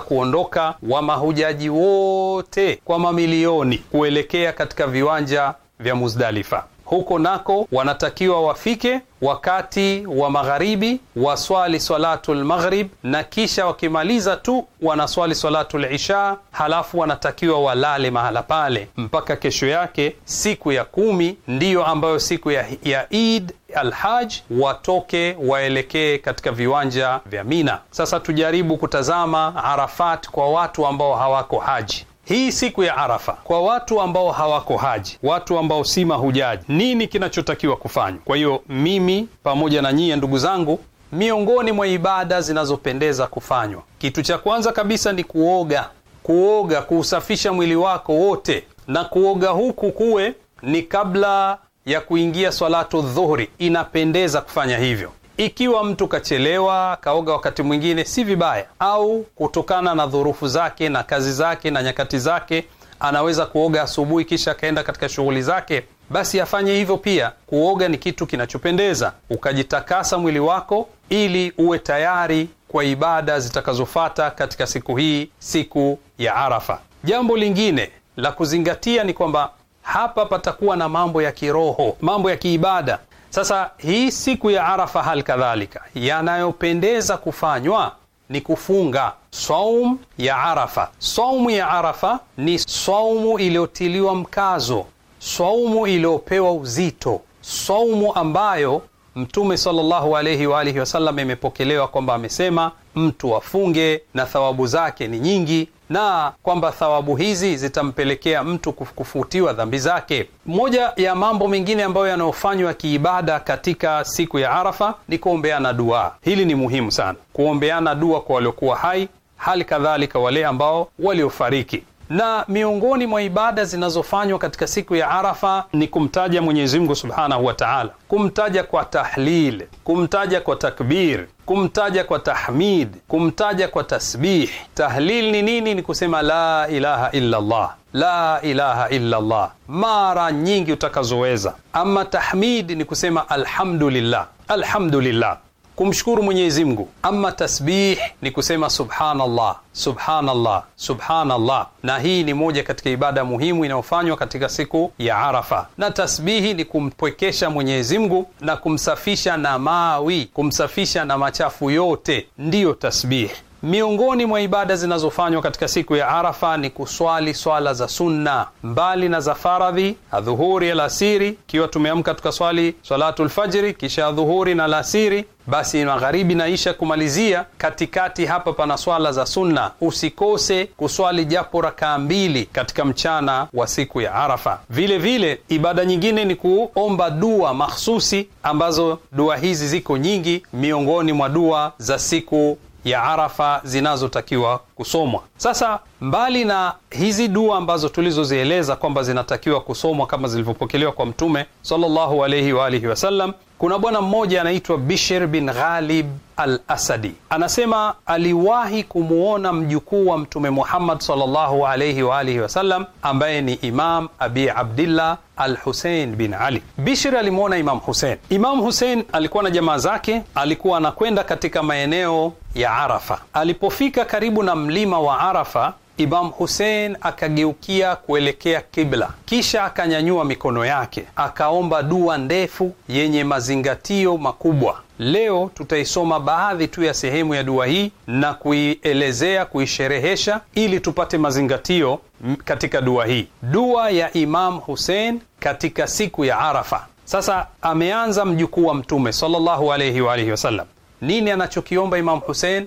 kuondoka wa mahujaji wote kwa mamilioni kuelekea katika viwanja vya Muzdalifa huko nako wanatakiwa wafike wakati wa magharibi, waswali salatu lmaghrib, na kisha wakimaliza tu wanaswali salatu lisha, halafu wanatakiwa walale mahala pale mpaka kesho yake, siku ya kumi ndiyo ambayo siku ya, ya Id Alhaj watoke waelekee katika viwanja vya Mina. Sasa tujaribu kutazama Arafat kwa watu ambao hawako haji. Hii siku ya Arafa kwa watu ambao hawako haji, watu ambao si mahujaji, nini kinachotakiwa kufanywa? Kwa hiyo mimi pamoja na nyiye ndugu zangu, miongoni mwa ibada zinazopendeza kufanywa, kitu cha kwanza kabisa ni kuoga. Kuoga, kuusafisha mwili wako wote, na kuoga huku kuwe ni kabla ya kuingia swalatu dhuhuri. Inapendeza kufanya hivyo. Ikiwa mtu kachelewa kaoga wakati mwingine, si vibaya, au kutokana na dhurufu zake na kazi zake na nyakati zake, anaweza kuoga asubuhi kisha akaenda katika shughuli zake, basi afanye hivyo pia. Kuoga ni kitu kinachopendeza, ukajitakasa mwili wako ili uwe tayari kwa ibada zitakazofata katika siku hii, siku ya Arafa. Jambo lingine la kuzingatia ni kwamba hapa patakuwa na mambo ya kiroho, mambo ya kiibada. Sasa hii siku ya Arafa hal kadhalika, yanayopendeza kufanywa ni kufunga saum ya Arafa. Saumu ya Arafa ni saumu iliyotiliwa mkazo, saumu iliyopewa uzito, saumu ambayo Mtume sallallahu alayhi wa alihi wasallam imepokelewa kwamba amesema mtu afunge na thawabu zake ni nyingi na kwamba thawabu hizi zitampelekea mtu kufutiwa dhambi zake. Moja ya mambo mengine ambayo yanayofanywa kiibada katika siku ya Arafa ni kuombeana dua. Hili ni muhimu sana, kuombeana dua kwa waliokuwa hai, hali kadhalika wale ambao waliofariki na miongoni mwa ibada zinazofanywa katika siku ya Arafa ni kumtaja Mwenyezi Mungu subhanahu wa taala, kumtaja kwa tahlil, kumtaja kwa takbir, kumtaja kwa tahmid, kumtaja kwa tasbih. Tahlil ni nini? Ni kusema la ilaha illallah la ilaha illallah mara nyingi utakazoweza. Ama tahmid ni kusema alhamdulillah, alhamdulillah kumshukuru Mwenyezi Mungu. Ama tasbih ni kusema subhanallah, subhanallah, subhanallah, na hii ni moja katika ibada muhimu inayofanywa katika siku ya Arafa. Na tasbihi ni kumpwekesha Mwenyezi Mungu na kumsafisha na mawi, kumsafisha na machafu yote, ndiyo tasbih Miongoni mwa ibada zinazofanywa katika siku ya Arafa ni kuswali swala za sunna mbali na za faradhi, adhuhuri, alasiri. Ikiwa tumeamka tukaswali salatu lfajiri, kisha adhuhuri na alasiri, basi magharibi na isha kumalizia katikati. Hapa pana swala za sunna, usikose kuswali japo rakaa mbili katika mchana wa siku ya Arafa. Vile vile ibada nyingine ni kuomba dua mahsusi, ambazo dua hizi ziko nyingi, miongoni mwa dua za siku ya Arafa zinazotakiwa kusomwa. Sasa, mbali na hizi dua ambazo tulizozieleza kwamba zinatakiwa kusomwa kama zilivyopokelewa kwa Mtume sallallahu alayhi wa alihi wasallam, kuna bwana mmoja anaitwa Bishr bin Ghalib al-Asadi anasema aliwahi kumwona mjukuu wa Mtume Muhammad sallallahu alayhi wa alihi wasallam ambaye ni Imam Abi Abdillah al husein bin Ali. Bishr alimuona Imam Husein. Imam husein alikuwa na jamaa zake, alikuwa anakwenda katika maeneo ya Arafa. Alipofika karibu na mlima wa Arafa, Imamu Husein akageukia kuelekea kibla, kisha akanyanyua mikono yake akaomba dua ndefu yenye mazingatio makubwa. Leo tutaisoma baadhi tu ya sehemu ya dua hii na kuielezea, kuisherehesha ili tupate mazingatio katika dua hii, dua ya Imamu Husein katika siku ya Arafa. Sasa ameanza mjukuu wa Mtume sallallahu alayhi wa alihi wasallam. Nini anachokiomba Imamu Husein?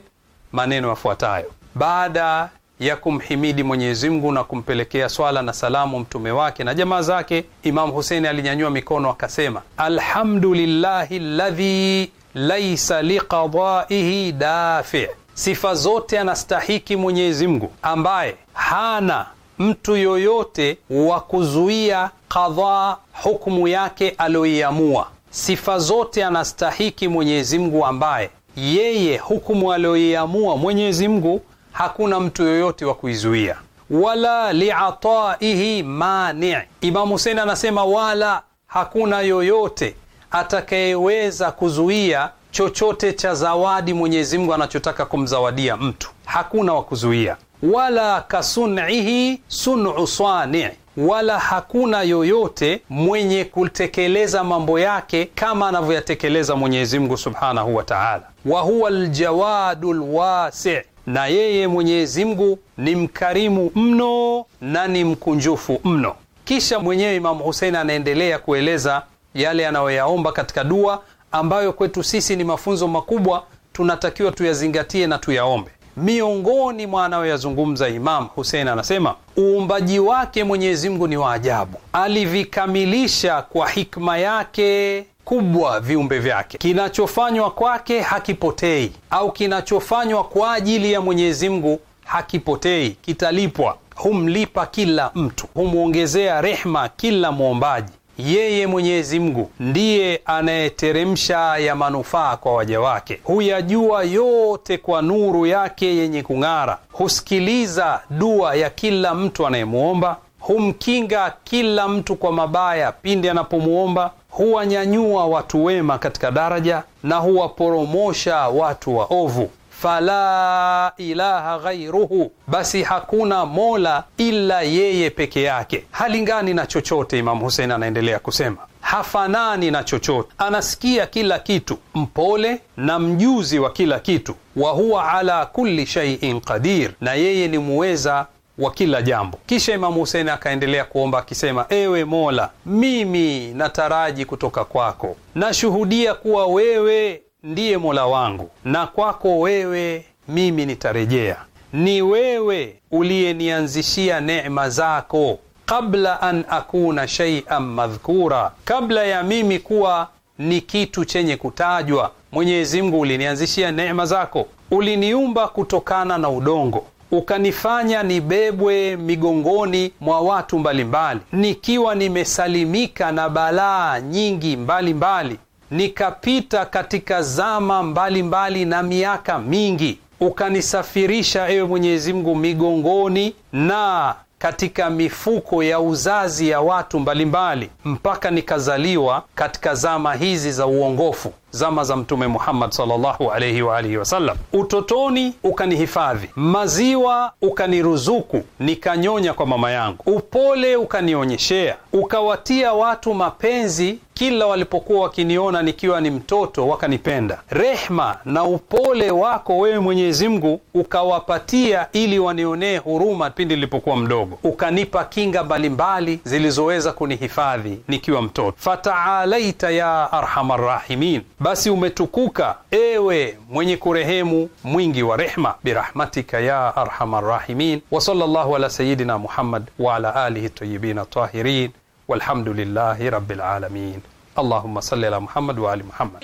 Maneno yafuatayo: baada ya kumhimidi Mwenyezi Mungu na kumpelekea swala na salamu mtume wake na jamaa zake, Imamu Huseini alinyanyua mikono akasema, alhamdulillahi ladhi laisa liqadaihi dafi, sifa zote anastahiki Mwenyezi Mungu ambaye hana mtu yoyote wa kuzuia qadhaa hukumu yake aliyoiamua. Sifa zote anastahiki Mwenyezi Mungu ambaye yeye hukumu aliyoiamua Mwenyezi Mungu hakuna mtu yoyote wa kuizuia wala liataihi mani. Imamu Husein anasema wala hakuna yoyote atakayeweza kuzuia chochote cha zawadi Mwenyezi Mungu anachotaka kumzawadia mtu, hakuna wa kuzuia. Wala kasunihi sunu sani, wala hakuna yoyote mwenye kutekeleza mambo yake kama anavyoyatekeleza Mwenyezi Mungu subhanahu wa taala. Wahuwa ljawadu lwasi na yeye Mwenyezi Mungu ni mkarimu mno na ni mkunjufu mno. Kisha mwenyewe Imamu Husein anaendelea kueleza yale anayoyaomba katika dua ambayo kwetu sisi ni mafunzo makubwa, tunatakiwa tuyazingatie na tuyaombe. Miongoni mwa anayoyazungumza Imamu Husein anasema uumbaji wake Mwenyezi Mungu ni wa ajabu, alivikamilisha kwa hikma yake kubwa viumbe vyake. Kinachofanywa kwake hakipotei, au kinachofanywa kwa ajili ya Mwenyezi Mungu hakipotei, kitalipwa. Humlipa kila mtu, humwongezea rehma kila mwombaji. Yeye Mwenyezi Mungu ndiye anayeteremsha ya manufaa kwa waja wake, huyajua yote kwa nuru yake yenye kung'ara, husikiliza dua ya kila mtu anayemwomba, humkinga kila mtu kwa mabaya pindi anapomwomba huwanyanyua watu wema katika daraja na huwaporomosha watu wa ovu Fala ilaha ghairuhu, basi hakuna mola ila yeye peke yake. Halingani na chochote. Imamu Husein anaendelea kusema hafanani na chochote, anasikia kila kitu, mpole na mjuzi wa kila kitu. Wa huwa ala kulli shaiin qadir, na yeye ni muweza wa kila jambo. Kisha Imamu Husein akaendelea kuomba akisema, ewe Mola, mimi nataraji kutoka kwako, nashuhudia kuwa wewe ndiye Mola wangu na kwako wewe mimi nitarejea. Ni wewe uliyenianzishia neema zako kabla an akuna shaian madhkura, kabla ya mimi kuwa ni kitu chenye kutajwa. Mwenyezi Mungu, ulinianzishia neema zako, uliniumba kutokana na udongo ukanifanya nibebwe migongoni mwa watu mbalimbali mbali, nikiwa nimesalimika na balaa nyingi mbalimbali mbali. Nikapita katika zama mbalimbali mbali na miaka mingi, ukanisafirisha ewe Mwenyezi Mungu migongoni na katika mifuko ya uzazi ya watu mbalimbali mpaka nikazaliwa katika zama hizi za uongofu, zama za Mtume Muhammad sallallahu alaihi wa alihi wasallam. Utotoni ukanihifadhi, maziwa ukaniruzuku, nikanyonya kwa mama yangu, upole ukanionyeshea, ukawatia watu mapenzi kila walipokuwa wakiniona nikiwa ni mtoto wakanipenda. Rehma na upole wako wewe Mwenyezi Mungu ukawapatia, ili wanionee huruma pindi nilipokuwa mdogo, ukanipa kinga mbalimbali zilizoweza kunihifadhi nikiwa mtoto. Fataalaita ya arhamar rahimin, basi umetukuka ewe mwenye kurehemu mwingi wa rehma, birahmatika ya arhamar rahimin. Wa sallallahu ala sayidina Muhammad wa ala alihi tayyibin tahirin walhamdulillahi rabbil alamin allahumma salli ala muhammad wa ali muhammad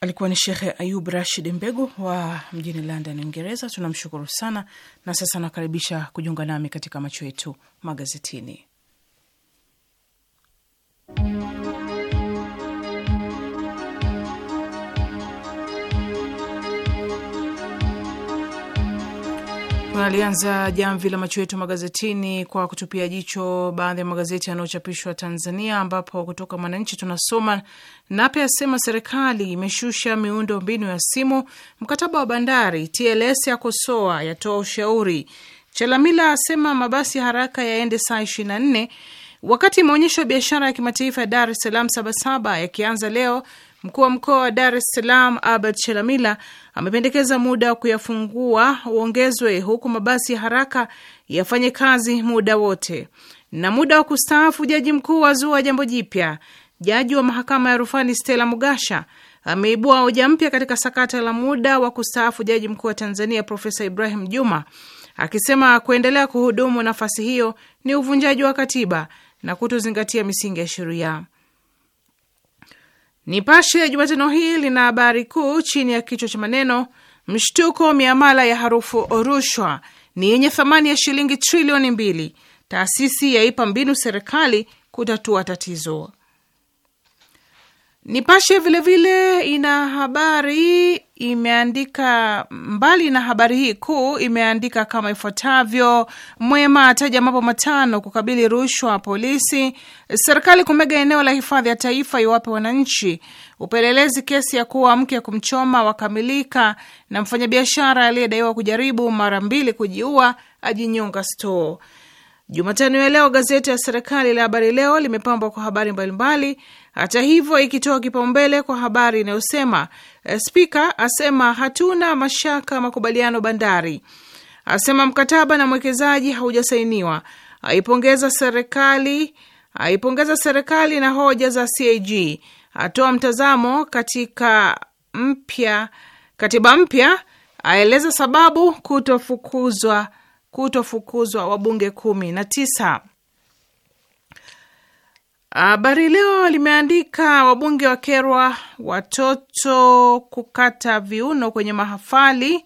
Alikuwa ni Shekhe Ayub Rashid Mbegu wa mjini London, Uingereza. Tunamshukuru sana, na sasa nakaribisha kujiunga nami katika macho yetu magazetini. Tunalianza jamvi la macho yetu magazetini kwa kutupia jicho baadhi ya magazeti yanayochapishwa Tanzania, ambapo kutoka Mwananchi tunasoma Nape asema serikali imeshusha miundo mbinu ya simu, mkataba wa bandari, TLS yakosoa, yatoa ushauri, Chalamila asema mabasi haraka yaende saa nne Wakati maonyesho ya biashara ya kimataifa ya Dar es Salaam Sabasaba yakianza leo, mkuu wa mkoa wa Dar es Salaam Albert Shelamila amependekeza muda wa kuyafungua uongezwe, huku mabasi ya haraka yafanye kazi muda wote. Na muda wa kustaafu jaji mkuu wazua jambo jipya. Jaji wa mahakama ya rufani Stella Mugasha ameibua hoja mpya katika sakata la muda wa kustaafu jaji mkuu wa Tanzania Profesa Ibrahim Juma, akisema kuendelea kuhudumu nafasi hiyo ni uvunjaji wa katiba na kutozingatia misingi ya sheria. Nipashe Jumatano hii lina habari kuu chini ya kichwa cha maneno mshtuko, miamala ya harufu rushwa ni yenye thamani ya shilingi trilioni mbili, taasisi yaipa mbinu serikali kutatua tatizo. Nipashe vilevile vile ina habari imeandika, mbali na habari hii kuu, imeandika kama ifuatavyo: Mwema ataja mambo matano kukabili rushwa polisi, serikali kumega eneo la hifadhi ya taifa iwape wananchi, upelelezi kesi ya kuwa mke kumchoma wakamilika, na mfanyabiashara aliyedaiwa kujaribu mara mbili kujiua ajinyonga store. Jumatano ya leo gazeti ya serikali la Habari Leo limepambwa kwa habari mbalimbali mbali, hata hivyo ikitoa kipaumbele kwa habari inayosema eh, spika asema hatuna mashaka makubaliano bandari, asema mkataba na mwekezaji haujasainiwa, aipongeza serikali, aipongeza serikali na hoja za CAG, atoa mtazamo katika mpya katiba mpya, aeleza sababu kutofukuzwa kutofukuzwa wabunge kumi na tisa. Habari Leo limeandika wabunge kerwa watoto kukata viuno kwenye mahafali,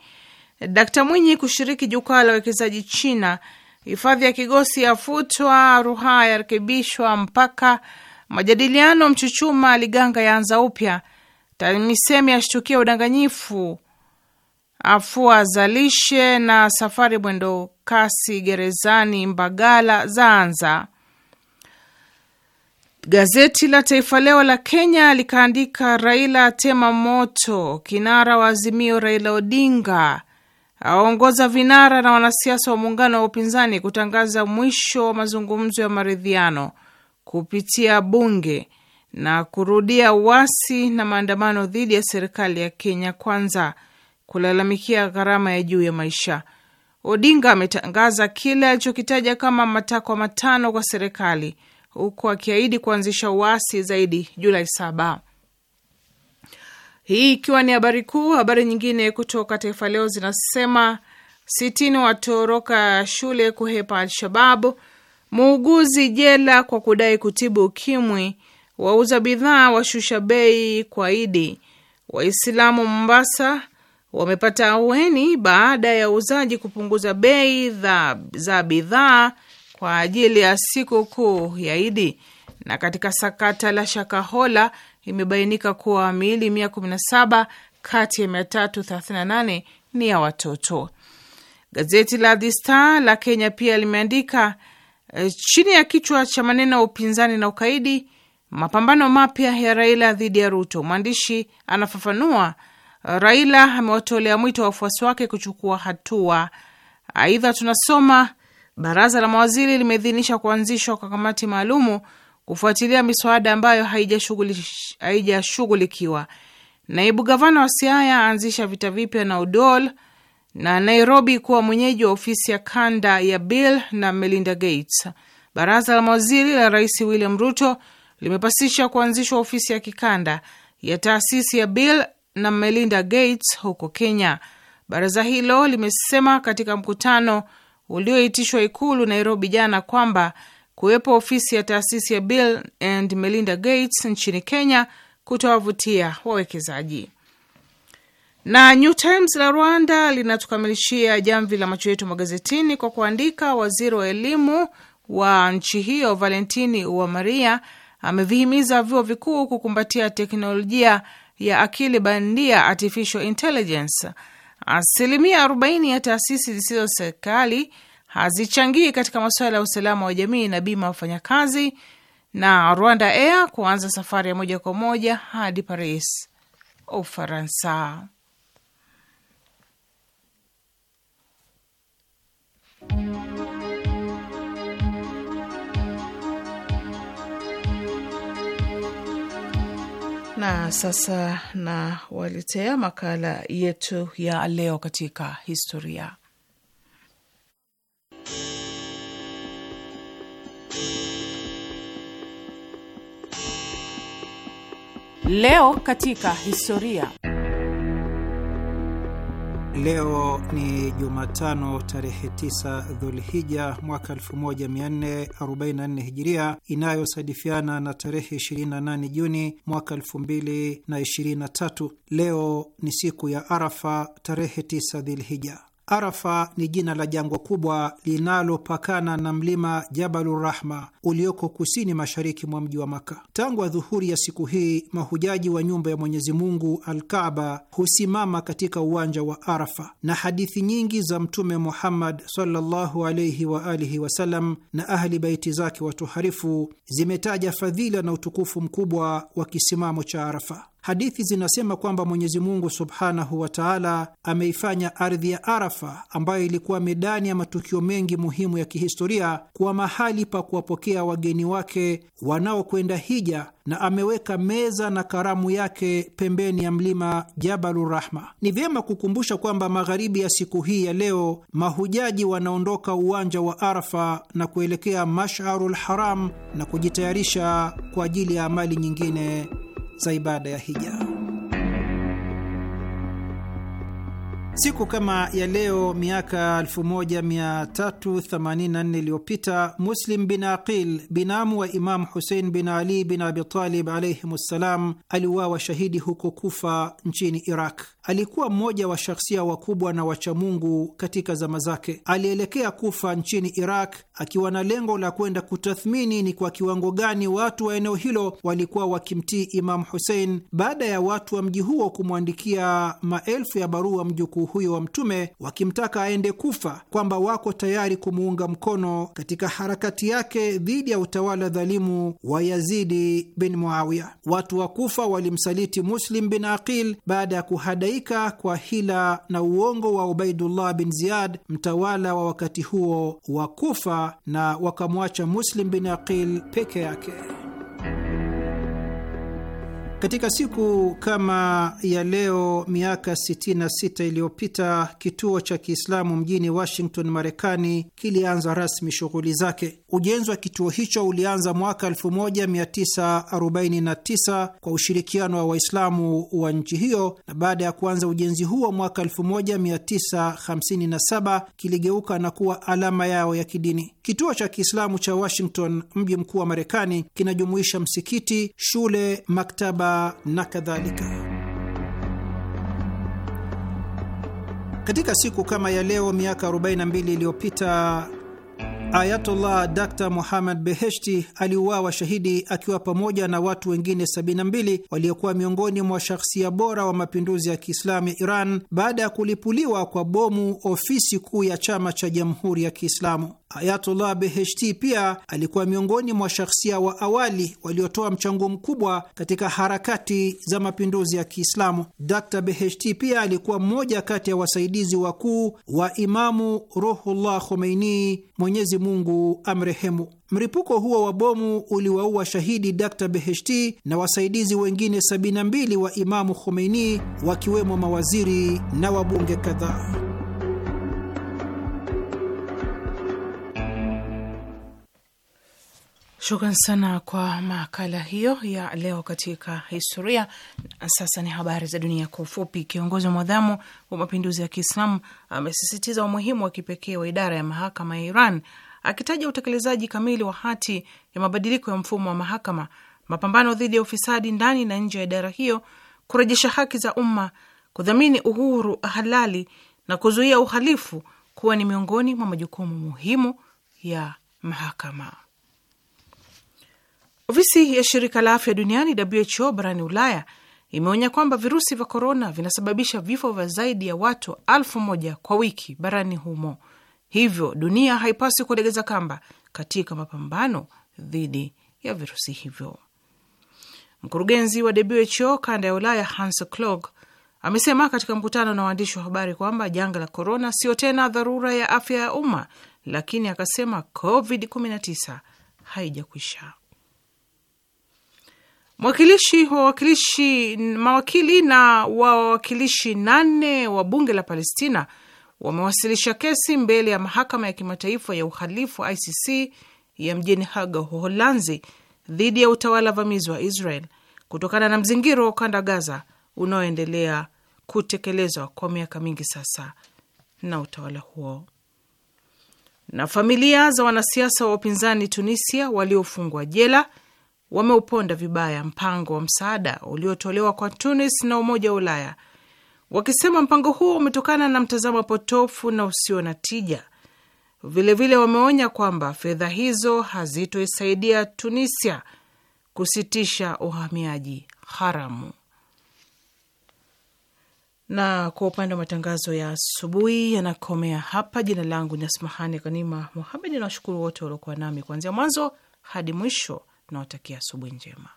Dkt Mwinyi kushiriki jukwaa la wekezaji China, hifadhi ya Kigosi yafutwa, Ruhaa yarekebishwa mpaka, majadiliano Mchuchuma Liganga yaanza upya, TAMISEMI yashtukia udanganyifu, afua zalishe na safari mwendo kasi gerezani Mbagala zaanza. Gazeti la Taifa Leo la Kenya likaandika Raila tema moto, kinara wa Azimio Raila Odinga aongoza vinara na wanasiasa wa muungano wa upinzani kutangaza mwisho wa mazungumzo ya maridhiano kupitia bunge na kurudia uasi na maandamano dhidi ya serikali ya Kenya Kwanza kulalamikia gharama ya juu ya maisha. Odinga ametangaza kile alichokitaja kama matakwa matano kwa serikali huku akiahidi kuanzisha uasi zaidi Julai saba. Hii ikiwa ni habari kuu. Habari nyingine kutoka Taifa Leo zinasema sitini watoroka shule kuhepa Alshababu, muuguzi jela kwa kudai kutibu ukimwi, wauza bidhaa washusha bei kwa Idi, Waislamu Mombasa wamepata aweni baada ya uuzaji kupunguza bei za bidhaa kwa ajili ya sikukuu ya Idi. Na katika sakata la Shakahola imebainika kuwa miili 117 kati ya 338 ni ya watoto. Gazeti la The Star la Kenya pia limeandika eh, chini ya kichwa cha maneno ya upinzani na ukaidi, mapambano mapya ya Raila dhidi ya Ruto. Mwandishi anafafanua, Raila amewatolea mwito wa wafuasi wake kuchukua hatua. Aidha tunasoma Baraza la mawaziri limeidhinisha kuanzishwa kwa kamati maalumu kufuatilia miswada ambayo haijashughulikiwa. Naibu gavana wa Siaya aanzisha vita vipya na UDOL na Nairobi kuwa mwenyeji wa ofisi ya kanda ya Bill na Melinda Gates. Baraza la mawaziri la Rais William Ruto limepasisha kuanzishwa ofisi ya kikanda ya taasisi ya Bill na Melinda Gates huko Kenya. Baraza hilo limesema katika mkutano ulioitishwa Ikulu Nairobi jana kwamba kuwepo ofisi ya taasisi ya Bill and Melinda Gates nchini Kenya kutawavutia wawekezaji. Na New Times la Rwanda linatukamilishia jamvi la macho yetu magazetini kwa kuandika, waziri wa elimu wa nchi hiyo Valentini Maria amevihimiza vyuo vikuu kukumbatia teknolojia ya akili bandia, artificial intelligence asilimia 40 ya taasisi zisizo serikali hazichangii katika masuala ya usalama wa jamii na bima ya wafanyakazi, na Rwanda Air kuanza safari ya moja kwa moja hadi Paris, Ufaransa. Na sasa nawaletea makala yetu ya leo katika historia. Leo katika historia. Leo ni Jumatano tarehe 9 Dhulhija mwaka 1444 Hijiria, inayosadifiana na tarehe 28 Juni mwaka 2023. Leo ni siku ya Arafa, tarehe 9 Dhulhija. Arafa ni jina la jangwa kubwa linalopakana na mlima jabalurahma ulioko kusini mashariki mwa mji wa Maka. Tangu adhuhuri ya siku hii, mahujaji wa nyumba ya Mwenyezi Mungu Alkaaba husimama katika uwanja wa Arafa, na hadithi nyingi za Mtume Muhammad sallallahu alaihi wa alihi wasallam na ahli baiti zake watoharifu zimetaja fadhila na utukufu mkubwa wa kisimamo cha Arafa. Hadithi zinasema kwamba Mwenyezi Mungu subhanahu wa taala ameifanya ardhi ya Arafa, ambayo ilikuwa medani ya matukio mengi muhimu ya kihistoria, kuwa mahali pa kuwapokea wageni wake wanaokwenda hija, na ameweka meza na karamu yake pembeni ya mlima Rahma. Ni vyema kukumbusha kwamba magharibi ya siku hii ya leo mahujaji wanaondoka uwanja wa Arafa na kuelekea Masharul Haram na kujitayarisha kwa ajili ya amali nyingine za ibada ya hija. Siku kama ya leo miaka 1384 iliyopita Muslim bin Aqil, binamu wa Imamu Husein bin Ali bin Abitalib alaihim ssalam, aliuawa shahidi huko Kufa nchini Iraq alikuwa mmoja wa shakhsia wakubwa na wachamungu katika zama zake. Alielekea Kufa nchini Iraq akiwa na lengo la kwenda kutathmini ni kwa kiwango gani watu wa eneo hilo walikuwa wakimtii Imamu Husein baada ya watu wa mji huo kumwandikia maelfu ya barua mjukuu huyo wa Mtume wakimtaka aende Kufa, kwamba wako tayari kumuunga mkono katika harakati yake dhidi ya utawala dhalimu wa Yazidi bin Muawiya. Watu wa Kufa walimsaliti Muslim bin Aqil baada ya kuhada walinufaika kwa hila na uongo wa Ubaidullah bin Ziyad, mtawala wa wakati huo wa Kufa, na wakamwacha Muslim bin Aqil peke yake. Katika siku kama ya leo miaka 66 iliyopita kituo cha Kiislamu mjini Washington, Marekani kilianza rasmi shughuli zake. Ujenzi wa kituo hicho ulianza mwaka 1949 kwa ushirikiano wa Waislamu wa nchi hiyo, na baada ya kuanza ujenzi huo mwaka 1957 kiligeuka na kuwa alama yao ya kidini. Kituo cha Kiislamu cha Washington, mji mkuu wa Marekani, kinajumuisha msikiti, shule, maktaba na kadhalika. Katika siku kama ya leo miaka 42 iliyopita Ayatullah Dr Muhammad Beheshti aliuawa shahidi akiwa pamoja na watu wengine 72 waliokuwa miongoni mwa shakhsia bora wa mapinduzi ya Kiislamu ya Iran baada ya kulipuliwa kwa bomu ofisi kuu ya chama cha Jamhuri ya Kiislamu. Ayatullah Beheshti pia alikuwa miongoni mwa shakhsia wa awali waliotoa mchango mkubwa katika harakati za mapinduzi ya Kiislamu. Dr Beheshti pia alikuwa mmoja kati ya wasaidizi wakuu wa Imamu Ruhullah Khomeini, Mwenyezi Mungu amrehemu. Mripuko huo wa bomu uliwaua shahidi Dr Beheshti na wasaidizi wengine 72 wa Imamu Khomeini, wakiwemo mawaziri na wabunge kadhaa. Shukran sana kwa makala hiyo ya leo katika historia. Sasa ni habari za dunia kwa ufupi. Kiongozi mwadhamu wa mapinduzi ya Kiislamu amesisitiza umuhimu wa kipekee wa idara ya mahakama ya Iran, akitaja utekelezaji kamili wa hati ya mabadiliko ya mfumo wa mahakama, mapambano dhidi ya ufisadi ndani na nje ya idara hiyo, kurejesha haki za umma, kudhamini uhuru halali na kuzuia uhalifu kuwa ni miongoni mwa majukumu muhimu ya mahakama. Ofisi ya shirika la afya duniani WHO barani Ulaya imeonya kwamba virusi vya korona vinasababisha vifo vya zaidi ya watu alfu moja kwa wiki barani humo. Hivyo dunia haipaswi kulegeza kamba katika mapambano dhidi ya virusi hivyo. Mkurugenzi wa WHO kanda ya Ulaya Hans clog amesema katika mkutano na waandishi wa habari kwamba janga la korona sio tena dharura ya afya ya umma, lakini akasema COVID-19 haijakwisha. Mwakilishi wa wakilishi mawakili na wawakilishi nane wa bunge la Palestina wamewasilisha kesi mbele ya mahakama ya kimataifa ya uhalifu ICC ya mjini Haga, Uholanzi, dhidi ya utawala vamizi wa Israel kutokana na mzingiro wa ukanda Gaza unaoendelea kutekelezwa kwa miaka mingi sasa na utawala huo. Na familia za wanasiasa wa upinzani Tunisia waliofungwa jela wameuponda vibaya mpango wa msaada uliotolewa kwa Tunis na Umoja wa Ulaya, wakisema mpango huo umetokana na mtazamo potofu na usio na tija. Vilevile wameonya kwamba fedha hizo hazitoisaidia Tunisia kusitisha uhamiaji haramu. Na kwa upande wa matangazo ya asubuhi yanakomea hapa. Jina langu ni Asmahani Muhamedi, Muhamed, nawashukuru wote waliokuwa nami kuanzia mwanzo hadi mwisho. Nawatakia asubuhi njema.